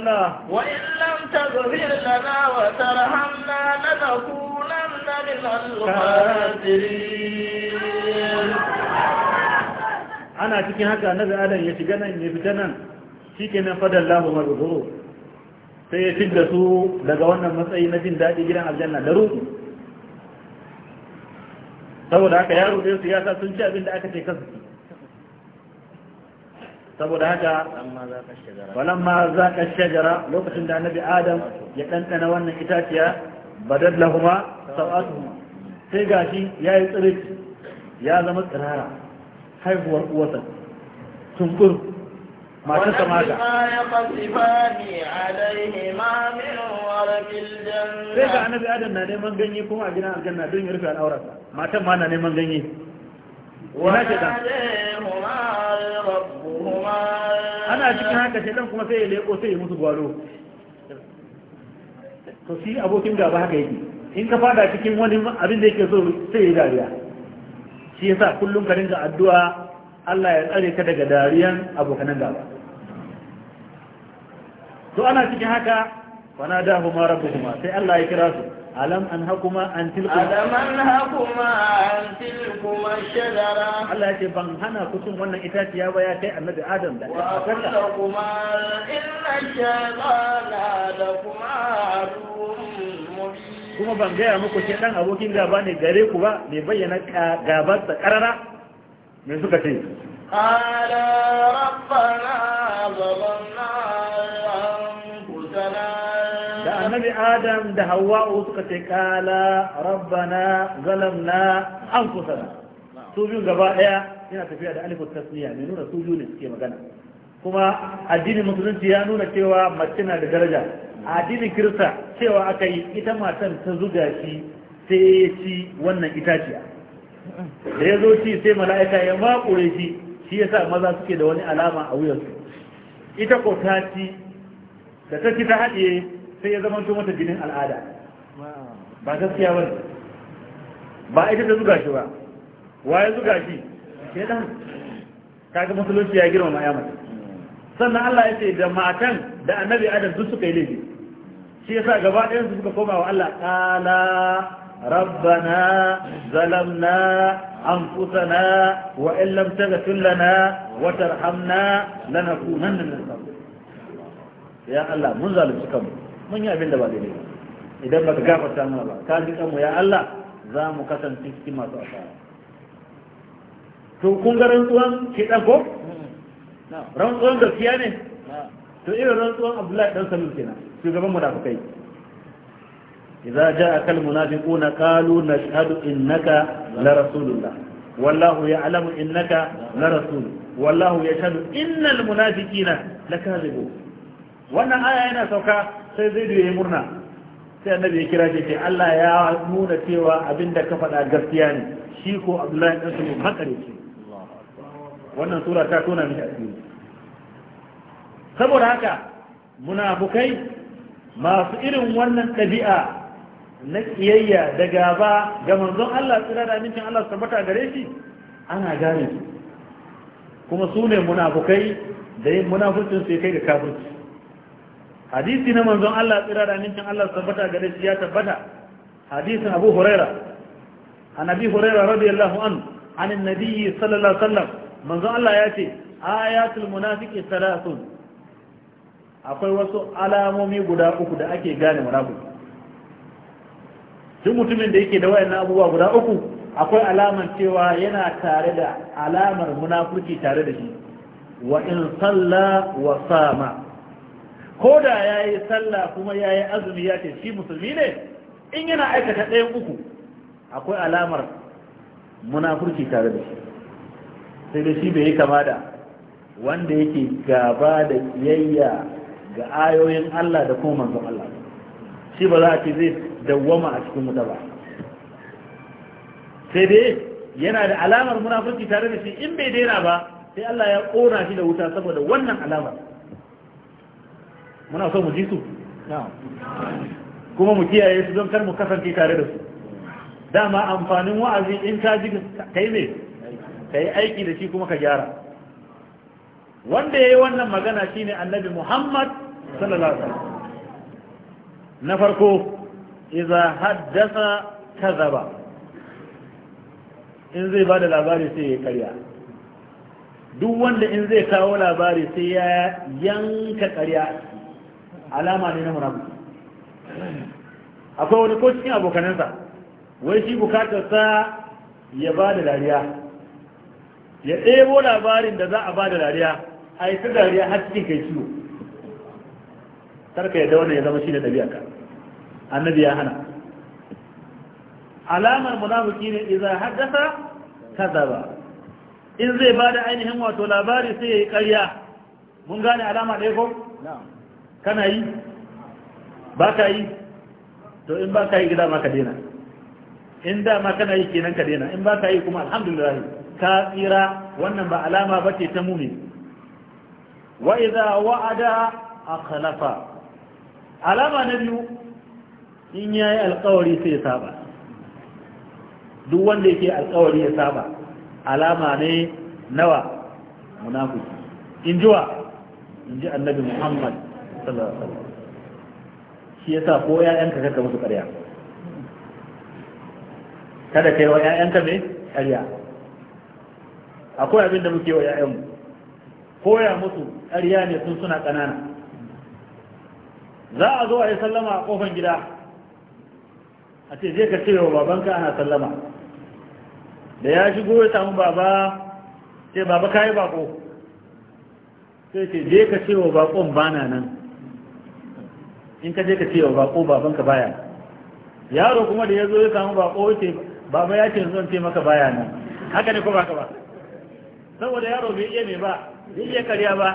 لنا وإن لم تغفر لنا وترحمنا لنكونن من الخاسرين ana cikin haka annabi adam ya shiga nan ya fita nan shikenan fadal lahu mai ghurur sai ya fidda su daga wannan matsayi na jin daɗi gidan aljanna da ruɗu saboda haka yaro da su ya sa sun ci abin da aka ce kasu saboda haka ma falamma zaqa shajara lokacin da annabi adam ya kankana wannan itaciya badad lahuma sawatuhuma sai gashi ya yi tsiri ya zama tsirara haihuwar uwarsa tunkur mata samaga sai ga annabi adam na neman ganye kuma a gina aljanna don ya rufe al'aurarsa matan ma na neman ganye ina ce dan ana cikin haka dan kuma sai ya leko sai ya musu gwaro to shi abokin gaba haka yake in ka fada cikin wani abin da yake so sai ya dariya shi yasa kullum ka dinga addu'a Allah ya tsare ka daga dariyan abokanan gaba to ana cikin haka wana da rabbuhuma sai Allah ya kira su alam an hakuma an tilkuma alam an hakuma an tilkuma shajara Allah ya ce ban hana ku cin wannan itaciya ba ya kai annabi Adam da ya fata wa kuma inna shaytana lakuma kuma ban gaya muku ke dan abokin gaba ne gare ku ba mai bayyana gabar sa karara me suka ce qala rabbana zalamna adam da hawa'u suka ce kala rabbana zalamna na su biyu gaba daya yana tafiya da alifu tasniya mai nuna su biyu ne suke magana kuma addinin musulunci ya nuna cewa mace na da daraja addinin kirista cewa aka yi ita matan ta zuga shi sai ya ci wannan itaciya da ya zo ci sai mala'ika ya makure shi shi ya sa maza suke da wani alama a wuyansu ita ko ta ci da ta ci ta haɗiye sai ya zama mata jinin al'ada ba gaskiya ba ba ita ta zuga shi ba wa ya zuga shi ke dan kaga musulunci ya girma ya mata. sannan Allah ya ce da matan da annabi adam duk suka yi laifi shi yasa gaba ɗayan su suka koma wa Allah qala rabbana zalamna anfusana wa in lam taghfir lana wa tarhamna lanakunanna min al ya Allah mun zalunci kanmu mun yi abin da ba daidai idan baka gafarta mana ba ka ji kanmu ya Allah za mu kasance cikin masu asara to kun ga rantsuwan kiɗan ko rantsuwan gaskiya ne to irin rantsuwan Abdullahi dan Salul kenan shugaban munafikai إذا جاءك المنافقون قالوا نشهد إنك لرسول الله والله يعلم إنك لرسول والله يشهد إن المنافقين لكاذبون Wannan آية هنا sauka. sai zai ya yi murna sai annabi ya kira ce Allah ya nuna cewa abin ka faɗa gaskiya ne shi ko Abdullahi ɗan Sulaim haka ne wannan sura ta tona mishi asiri saboda haka munafukai masu irin wannan ɗabi'a na kiyayya da gaba ga manzon Allah tsira da mintin Allah su tabbata gare shi ana gane su kuma su ne munafukai da yin munafurcin sai kai da kafirci hadisi na manzon Allah tsira da amincin Allah tabbata gare shi ya tabbata hadisin Abu Huraira annabi Huraira radiyallahu anhu an annabi sallallahu alaihi wasallam manzon Allah ya ce ayatul munafiqi thalathun akwai wasu alamomi guda uku da ake gane munafiki duk mutumin da yake da wayannan abubuwa guda uku akwai alamar cewa yana tare da alamar munafurci tare da shi wa in salla wa sama ko da ya yi sallah kuma ya yi azumi ya ce shi musulmi ne in yana aikata ɗayan uku akwai alamar munafurci tare da shi sai da shi bai yi kama da wanda yake gaba da kiyayya ga ayoyin Allah da kuma manzon Allah shi ba za a ce zai dawwama a cikin wuta ba sai dai yana da alamar munafurci tare da shi in bai daina ba sai Allah ya kona shi da wuta saboda wannan alamar muna so mu ji su kuma mu kiyaye su don kar mu kasance tare da su dama amfanin wa'azi in ka ji kai ne ka yi aiki da shi kuma ka gyara wanda ya yi wannan magana shine annabi muhammad sallallahu alaihi wasallam na farko iza haddasa kazaba in zai bada labari sai ya karya duk wanda in zai kawo labari sai ya yanka karya alama ne na munafiki akwai wani ko cikin abokanansa wai shi sa ya ba da dariya ya ɗebo labarin da za a ba da dariya a yi ta dariya har cikin kai ciwo tarka yadda wannan ya zama shi da ɗabi'a ka annabi ya hana alamar munafiki ne idan haddasa kaza ba in zai ba da ainihin wato labari sai ya yi ƙarya mun gane alama ɗaya ko? kana yi ba ka yi to in ba ka yi gida ma ka dena in dama kana yi kenan ka dena in ba ka yi kuma alhamdulillah ka tsira wannan ba alama ba ce ta mumi wa idza wa'ada akhlafa alama na biyu in yayi alƙawari sai ya saba duk wanda yake alƙawari ya saba alama ne nawa munafiki in jiwa in ji annabi muhammad sallallahu alaihi wasallam shi yasa ko 'ya'yanka kaka musu ƙarya kada kai wa ƴaƴanka me ƙarya akwai abin da muke wa ƴaƴanmu koya musu ƙarya ne sun suna ƙanana za a zo a yi sallama a ƙofan gida a ce je ka cewa babanka ana sallama da ya shigo ya samu baba sai baba yi bako sai ce je ka cewa bakon bana nan in ka je ka ce wa bako babanka baya yaro kuma da ya zo ya samu bako ce baba ya ce zan ce maka baya ne. haka ne ko baka ba saboda yaro bai iya mai ba bai iya karya ba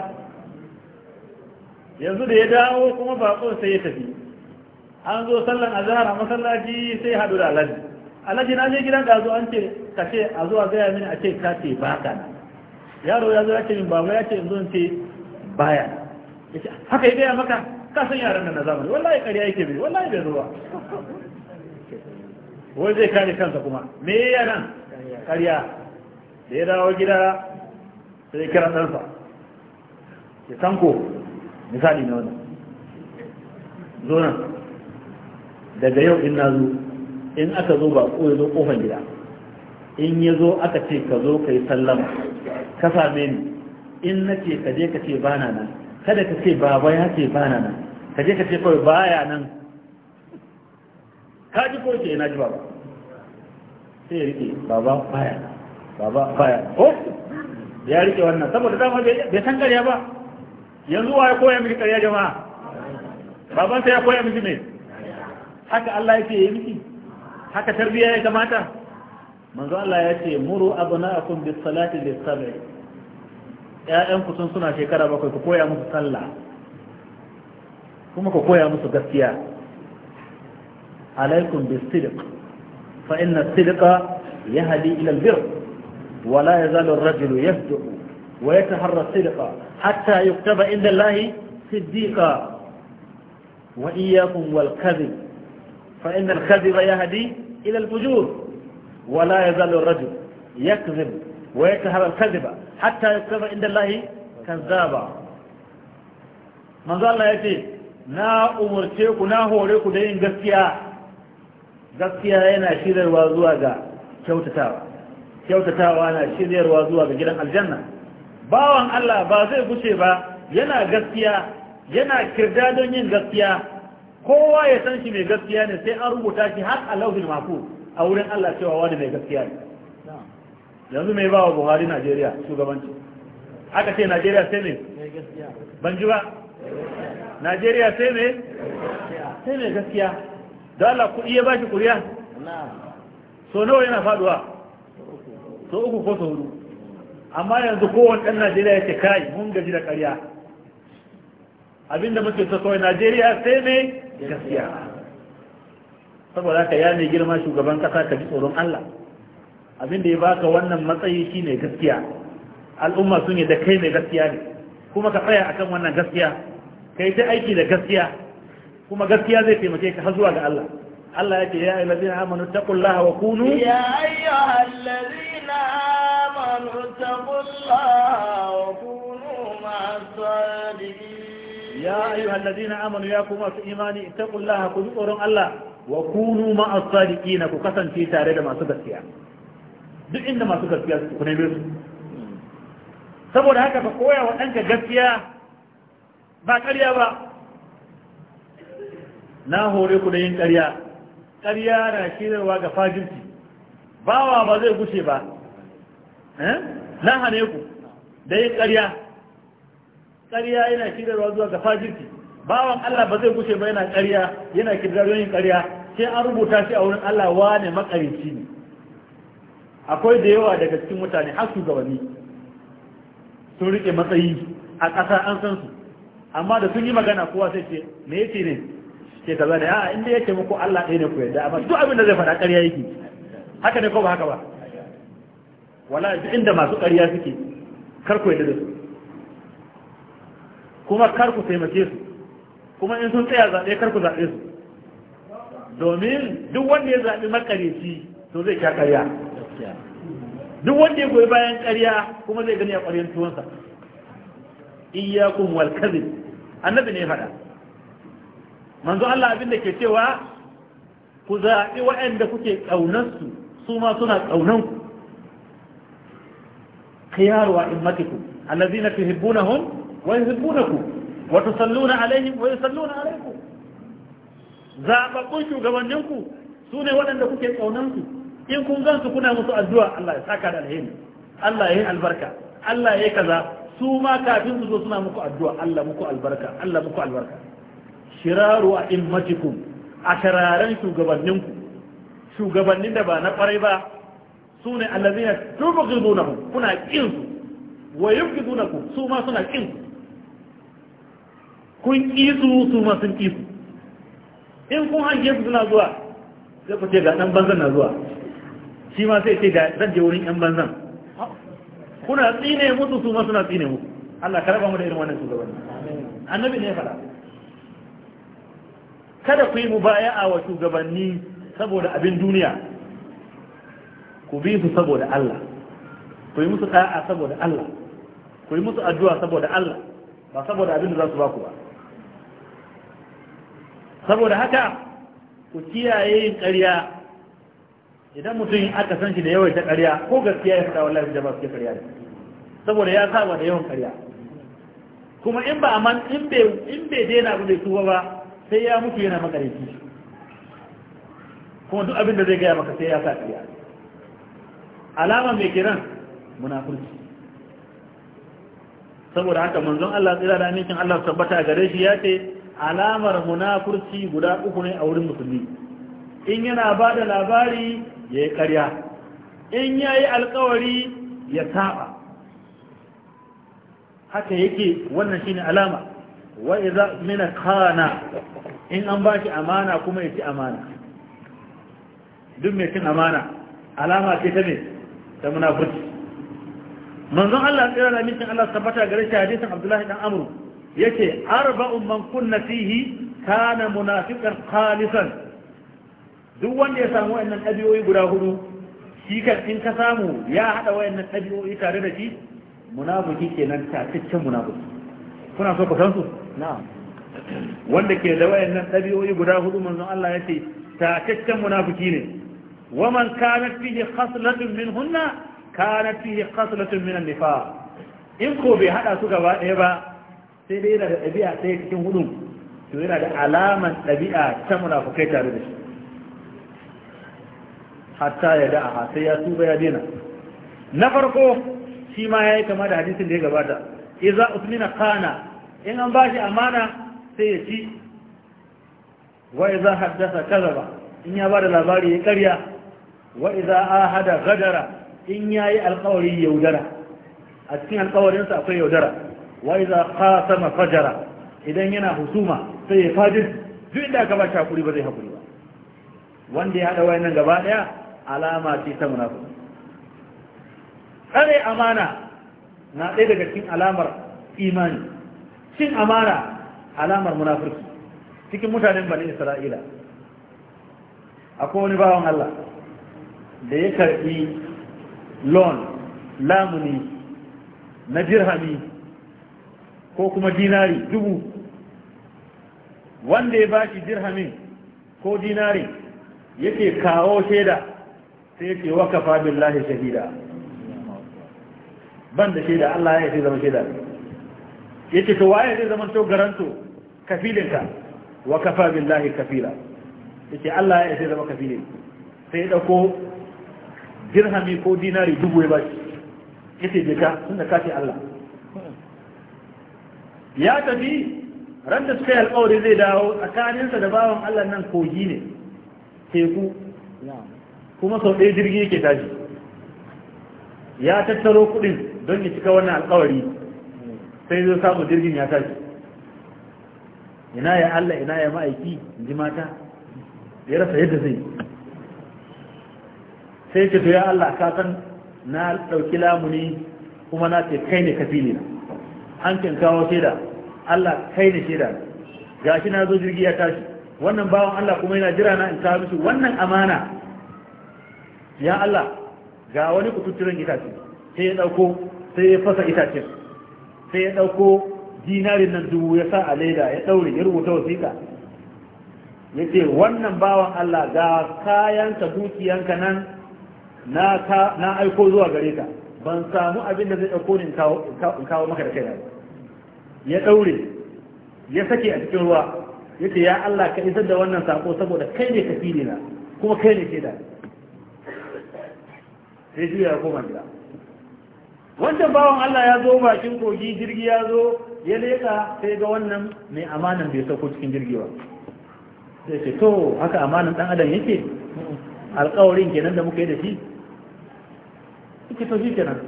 yanzu da ya dawo kuma bako sai ya tafi an zo sallan azhar a masallaci sai hadu da alaji alaji na je gidan da zo an ce ka ce a zuwa gaya mini a ce ka ce baka ne yaro ya zo ya ce min baba ya ce yanzu in ce baya haka ya gaya maka ka san yaran da na zamani wallahi ƙarya yake bai wallahi bai zo ba wai zai kare kansa kuma me yaran ƙarya da ya dawo gida sai kira ɗansa ya tanko misali na wannan zo nan daga yau in na zo in aka zo ba ko ya zo ƙofar gida in ya zo aka ce ka zo ka yi sallama ka same ni in na ce ka je ka ce ba na nan kada ka ce baba ya ce ba na nan ka je ka ce kawai ya nan ka ji ko ce na ji baba sai ya rike baba baya baba baya ko oh! ya rike wannan saboda dama bai san karya ba yanzu wa ya koya miki karya jama'a babansa ya koya miki ne haka Allah ya ce ya miki haka tarbiyya ya kamata manzo Allah ya ce muru abna'akum bis salati lis sab'i ƴaƴanku sun suna shekara bakwai ku koya musu sallah kuma ku koya musu gaskiya alaikum bis-sidq fa inna as ya hadi ila al-birr wa la yazalu ar-rajulu yasduqu wa yataharra as-sidqa hatta yuktaba inda Allah siddiqa wa iyyakum wal-kadhib fa inna al-kadhiba yahdi ila al-fujur wa la yazalu ar-rajulu yakdhib waya ta harar kaziba hatta ya kaza inda lahi kazaba manzo Allah ya ce na umarce ku na hore ku da yin gaskiya gaskiya yana shiryarwa zuwa ga kyautatawa kyautatawa na shiryarwa zuwa ga gidan aljanna bawan Allah ba zai guce ba yana gaskiya yana kirda don yin gaskiya kowa ya san shi mai gaskiya ne sai an rubuta shi har a lauhin mafu a wurin Allah cewa wani mai gaskiya ne yanzu mai ba wa buhari najeriya shugabanci aka ce najeriya sai ne eh, ban ji ba najeriya sai ne sai ne gaskiya da Allah kuɗi ya ba shi kuriya so nawa yana faduwa so uku ko so hudu amma yanzu kowane ɗan najeriya ya ce kai mun gaji da ƙarya abinda muke so kawai najeriya sai ne gaskiya saboda haka ya mai girma shugaban ƙasa ka ji tsoron Allah abinda ya baka wannan matsayi shine gaskiya al'umma sun yi da kai mai gaskiya ne kuma ka tsaya akan wannan gaskiya kai ta aiki da gaskiya kuma gaskiya zai taimake ka har zuwa ga Allah Allah ya ce ya ayyuhal ladina amanu taqullaha wa kunu ya ayyuhal ladina amanu taqullaha wa kunu ma'as-sadiqin ya ayyuhal ladina amanu ya kuma su imani taqullaha ku tsoron Allah wa kunu ma'as-sadiqin ku kasance tare da masu gaskiya duk inda masu gaskiya su ku neme su saboda haka ka koya wa ɗanka gaskiya ba ƙarya ba na hore ku da yin ƙarya ƙarya na shirarwa ga fajirci bawa ba zai gushe ba eh? na hane ku da yin ƙarya ƙarya yana shirarwa zuwa ga fajirci bawan Allah ba zai gushe ba yana ƙarya yana yin ƙarya sai an rubuta shi a wurin Allah ne makarici ne akwai da yawa daga cikin mutane har shugabanni sun rike matsayi a ƙasa an san su amma da sun yi magana kowa sai ce me yake ne ke kaza ne? a'a inda yake muku Allah ɗaya ne ku yadda amma duk abin da zai faɗa ƙarya yake haka ne ko ba haka ba wala duk inda masu ƙarya suke kar ku yadda da su kuma kar ku taimake su kuma in sun tsaya zaɓe kar ku zaɓe su domin duk wanda ya zaɓi makareci to zai kya ƙarya gaskiya duk wanda ya goyi bayan ƙarya kuma zai gani a ƙwarin tuwonsa iyyakum wal annabi ne faɗa manzo Allah abin da ke cewa ku zaɓi waɗanda kuke ƙaunarsu su ma suna ƙaunanku khiyaru wa immatikum allazina tuhibbunahum wa yuhibbunakum wa tusalluna alaihim wa yusalluna alaikum zaɓaɓɓun shugabanninku su ne waɗanda kuke ƙaunansu in kun gansu kuna musu addu'a Allah ya saka da alheri Allah ya yi albarka Allah ya yi kaza su ma kafin su zo suna muku addu'a Allah muku albarka Allah muku albarka shiraru a immatikum a shararen shugabanninku shugabannin da ba na kwarai ba su ne allazina ku, kuna kin su wa yubghidunakum su ma suna kin su kun ki su su ma sun ki su in kun hange su suna zuwa sai ku ce ga dan banzan na zuwa shi ma sai ce ga zan je wurin yan banzan kuna tsine musu su ma suna tsine muku Allah ka raba mu da irin wannan shugabanni annabi ne ya faɗa kada ku yi mubaya'a wa shugabanni saboda abin duniya ku bi su saboda Allah ku yi musu ta'a saboda Allah ku yi musu addu'a saboda Allah ba saboda abin da za su ba ku ba saboda haka ku kiyaye ƙarya idan mutum aka san shi da yawai ta ƙarya ko gaskiya ya faɗa wallahi jama'a suke ƙarya ne saboda ya saba da yawan ƙarya kuma in ba amma in bai in bai daina abu bai tuba ba sai ya mutu yana makareci kuma duk abin da zai gaya maka sai ya sa ƙarya alama mai kiran munafurci saboda haka manzon Allah tsira da amincin Allah tabbata gare shi ya ce alamar munafurci guda uku ne a wurin musulmi in yana ba da labari ya yi ƙarya in ya yi alkawari ya saba haka yake wannan shine alama wa iza mina kana in an ba shi amana kuma ya ci amana duk mai cin amana alama ce ta ne ta munafurci manzon Allah tsira da mikin Allah tabbata gare shi hadisin Abdullahi dan Amr yace arba'un man kunna fihi kana munafiqan khalisan duk wanda ya samu wayannan ɗabi'o'i guda hudu shi kan in ka samu ya haɗa wayannan ɗabi'o'i tare da shi munafiki kenan tataccen munafiki kuna so ku san su na'am wanda ke da wayannan ɗabi'o'i guda hudu manzon Allah ya ce tataccen munafiki ne wa man kanat fihi khaslatun minhunna kanat fihi khaslatun min an-nifaq in ko bai hada su gaba ɗaya ba sai dai yana da ɗabi'a ɗaya cikin hudun to yana da alaman ɗabi'a ta munafukai tare da shi hatta ya da'a sai ya tuba ya dena na farko shi ma yayi kama da hadisin da ya gabata iza usmina kana in an bashi amana sai ya ci wa iza haddasa kadhaba in ya bada labari ya karya wa iza ahada ghadara in yayi alƙawari yaudara a cikin sa akwai yaudara wa iza qasama fajara idan yana husuma sai ya fajir duk inda aka ba shakuri hakuri ba zai hakuri ba wanda ya haɗa wayannan gaba ɗaya alama ce ta munafiki tsare amana na ɗaya daga cikin alamar imani cin amana alamar munafurki, cikin mutanen bani isra'ila akwai wani bawan Allah da ya karɓi loan lamuni na jirhami ko kuma dinari dubu wanda ya bashi jirhamin ko dinari yake kawo shaida sai yake wakafa billahi shahida ban da shaida Allah ya ce zama shaida ya ce to waye zai zama to garanto kafilinka wakafa billahi kafila ya ce Allah ya ce zama kafilin sai dauko dirhami ko dinari dubu ya bashi yace je ka tunda ka ce Allah ya tafi ran da suka yi alƙawari zai dawo tsakaninsa da bawan Allah nan kogi ne teku kuma sau ɗaya jirgi yake tashi ya tattaro kuɗin don ya cika wannan alkawari sai zo samu jirgin ya tashi ina ya Allah ina ya ma'aiki ji mata ya rasa yadda zai sai ce to ya Allah ka san na ɗauki lamuni kuma na ce kai ne kafili na hankin kawo shaida Allah kai ne shaida gashi na zo jirgi ya tashi wannan bawan Allah kuma yana jira na in ta musu wannan amana ya Allah ga wani kututturen itace sai ya dauko sai ya fasa itacen sai ya dauko dinarin nan dubu ya sa a leda ya daure ya rubuta wasiƙa ya ce wannan bawan Allah ga kayan kayanka dukiyanka nan na aiko zuwa gare ka ban samu abin da zai ɗauko ni in kawo maka da kai ya daure ya sake a cikin ruwa ya ce ya Allah ka isar da wannan sako saboda kai ne ka na kuma kai ne ke da sai juya ya koma gida wancan bawan Allah ya zo bakin kogi jirgi ya zo ya leka sai ga wannan mai amanan bai sauko cikin jirgi ba sai ce to haka amanan dan adam yake alƙawarin kenan da muka yi da shi suke to shi kenan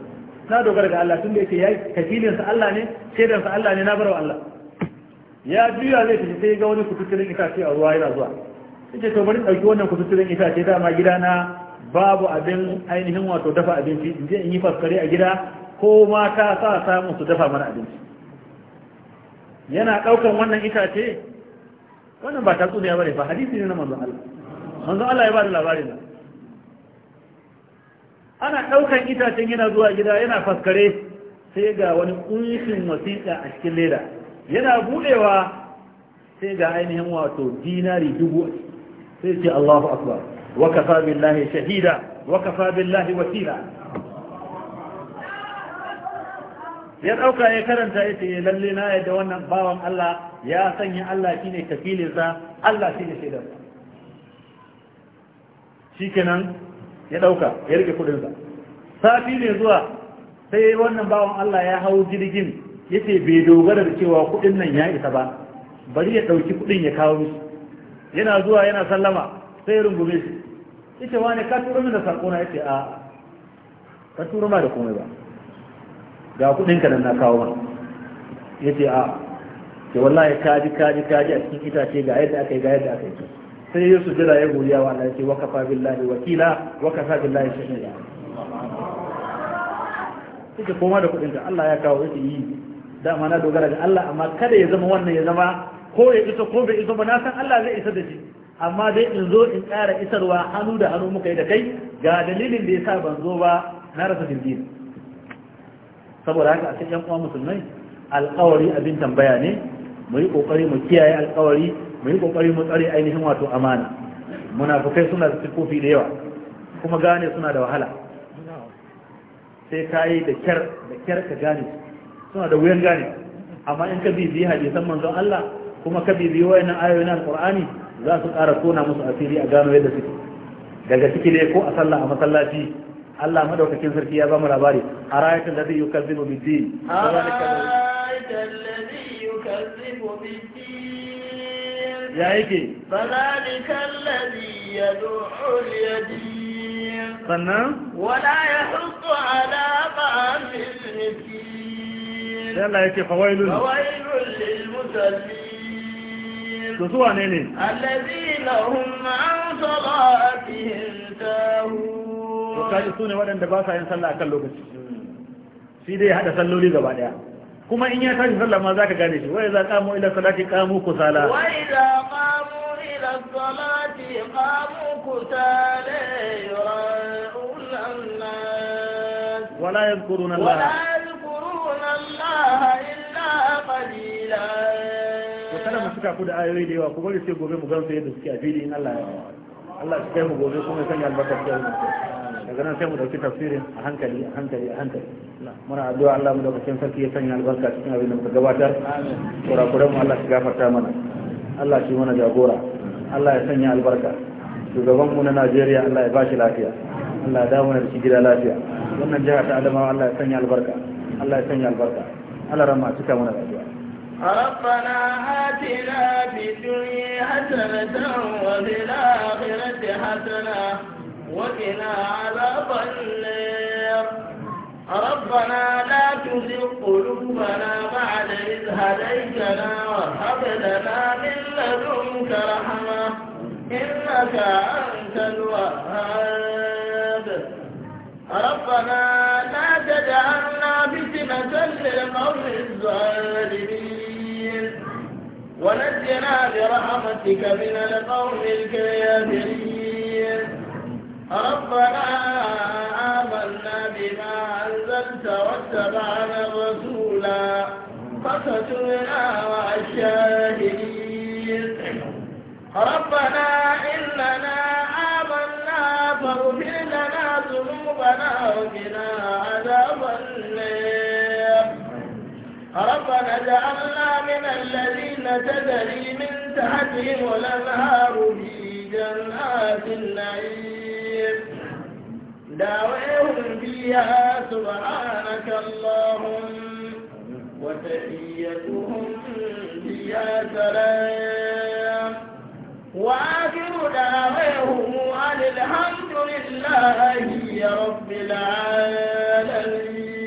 na dogara ga Allah tun da yake yayi kafilin sa Allah ne shaidan sa Allah ne na barwa Allah ya juya zai tafi sai ga wani kututturin itace a ruwa yana zuwa sai to bari dauki wannan kututturin itace dama gidana babu abin ainihin wato dafa abinci in je in yi faskare a gida ko mata sa samun su dafa mana abinci yana daukan wannan itace wannan ba ta ya bane ba hadisi ne na manzon Allah manzon Allah ya ba da labarin ana daukan itacen yana zuwa gida yana faskare sai ga wani kunshin wasiƙa a cikin leda yana buɗewa sai ga ainihin wato dinari dubu sai ce Allahu akbar وكفى بالله شهيدا وكفى بالله وكيلا ya ɗauka ya karanta ya ce lalle na yadda wannan bawan Allah ya sanya Allah shine kafilinsa Allah shine shi kenan ya ɗauka ya rike kudinsa safi ne zuwa sai wannan bawan Allah ya hau jirgin ya ce bai dogara da cewa kudin nan ya isa ba bari ya dauki kudin ya kawo musu yana zuwa yana sallama sai rungume shi ita ne ka turo da sako na yace a ka turo ma da komai ba ga kudin ka nan na kawo ma yace a ke wallahi kaji kaji kaji a cikin itace ga yadda aka yi ga yadda aka yi sai yusu jira ya godiya wa Allah yace wakafa billahi wakila wakafa billahi shahida kike koma da kudin ka Allah ya kawo yace yi dama na dogara ga Allah amma kada ya zama wannan ya zama ko ya iso ko bai iso ba na san Allah zai isa da shi amma dai in zo in ƙara isarwa hannu da hannu muka yi da kai ga dalilin da ya sa ban zo ba na rasa jirgin saboda haka a cikin uwa musulmai alkawari abin tambaya ne mu yi kokari mu kiyaye alkawari mu yi kokari mu tsare ainihin wato amana Muna kai suna da da yawa kuma gane suna da wahala sai ka yi da kyar da kyar ka gane suna da wuyan gane amma in ka bibiyi hadisan manzon Allah kuma ka bibiyi wayannan ayoyin alqur'ani za su ƙara tona musu asiri a gano yadda suke daga ciki ne ko a sallah a masallaci Allah madaukakin sarki ya ba mu labari a rayatar da zai yi kalzibu biddi a rayatar da zai yi kalzibu biddi ya yake fadalikan lazi ya du'ul yadi sannan wala ya hutu ala ba'amin miskin Allah yake fawailun fawailun lil musallin to zuwa ne ne allazina hum an salatihim sune waɗanda ba sa yin sallah akan lokaci shi dai ya hada salloli gaba daya kuma in ya tashi sallah ma zaka gane shi wai za qamu ila salati qamu kusala Wai za qamu ila salati qamu kusala yura'una an-nas wala yadhkuruna Allah wala yadhkuruna Allah illa qalilan kada mu cika ku da ayoyi da yawa ku bari sai gobe mu gan su yadda suke a fili in Allah ya Allah ya kai mu gobe kuma sanya albarka cikin mu daga nan sai mu dauki tafsirin a hankali a hankali a hankali muna addu'a Allah mu da cikin sarki ya sanya albarka cikin abin da muka gabatar kurakuran mu Allah ya gafarta mana Allah shi mana jagora Allah ya sanya albarka shugaban mu na Najeriya Allah ya ba shi lafiya Allah ya dawo mana da shi gida lafiya wannan jihar ta Adamawa Allah ya sanya albarka Allah ya sanya albarka Allah rama cika mana addu'a ربنا آتنا في الدنيا حسنة وفي الآخرة حسنة وقنا عذاب النار ربنا لا تزغ قلوبنا بعد إذ هديتنا وهب لنا من لدنك رحمة إنك أنت الوهاب ربنا لا تجعلنا فتنة للقوم الظالمين ونجنا برحمتك من القوم الكافرين ربنا آمنا بما أنزلت واتبعنا الرسول فاكتبنا مع الشاهدين ربنا إننا آمنا فاغفر لنا ذنوبنا وقنا عذاب النار ربنا اجعلنا من الذين تدري من تحتهم الانهار في جنات النعيم دعوهم فيها سبحانك اللهم وتحيتهم فيها سلام واخر دعوهم ان الحمد لله رب العالمين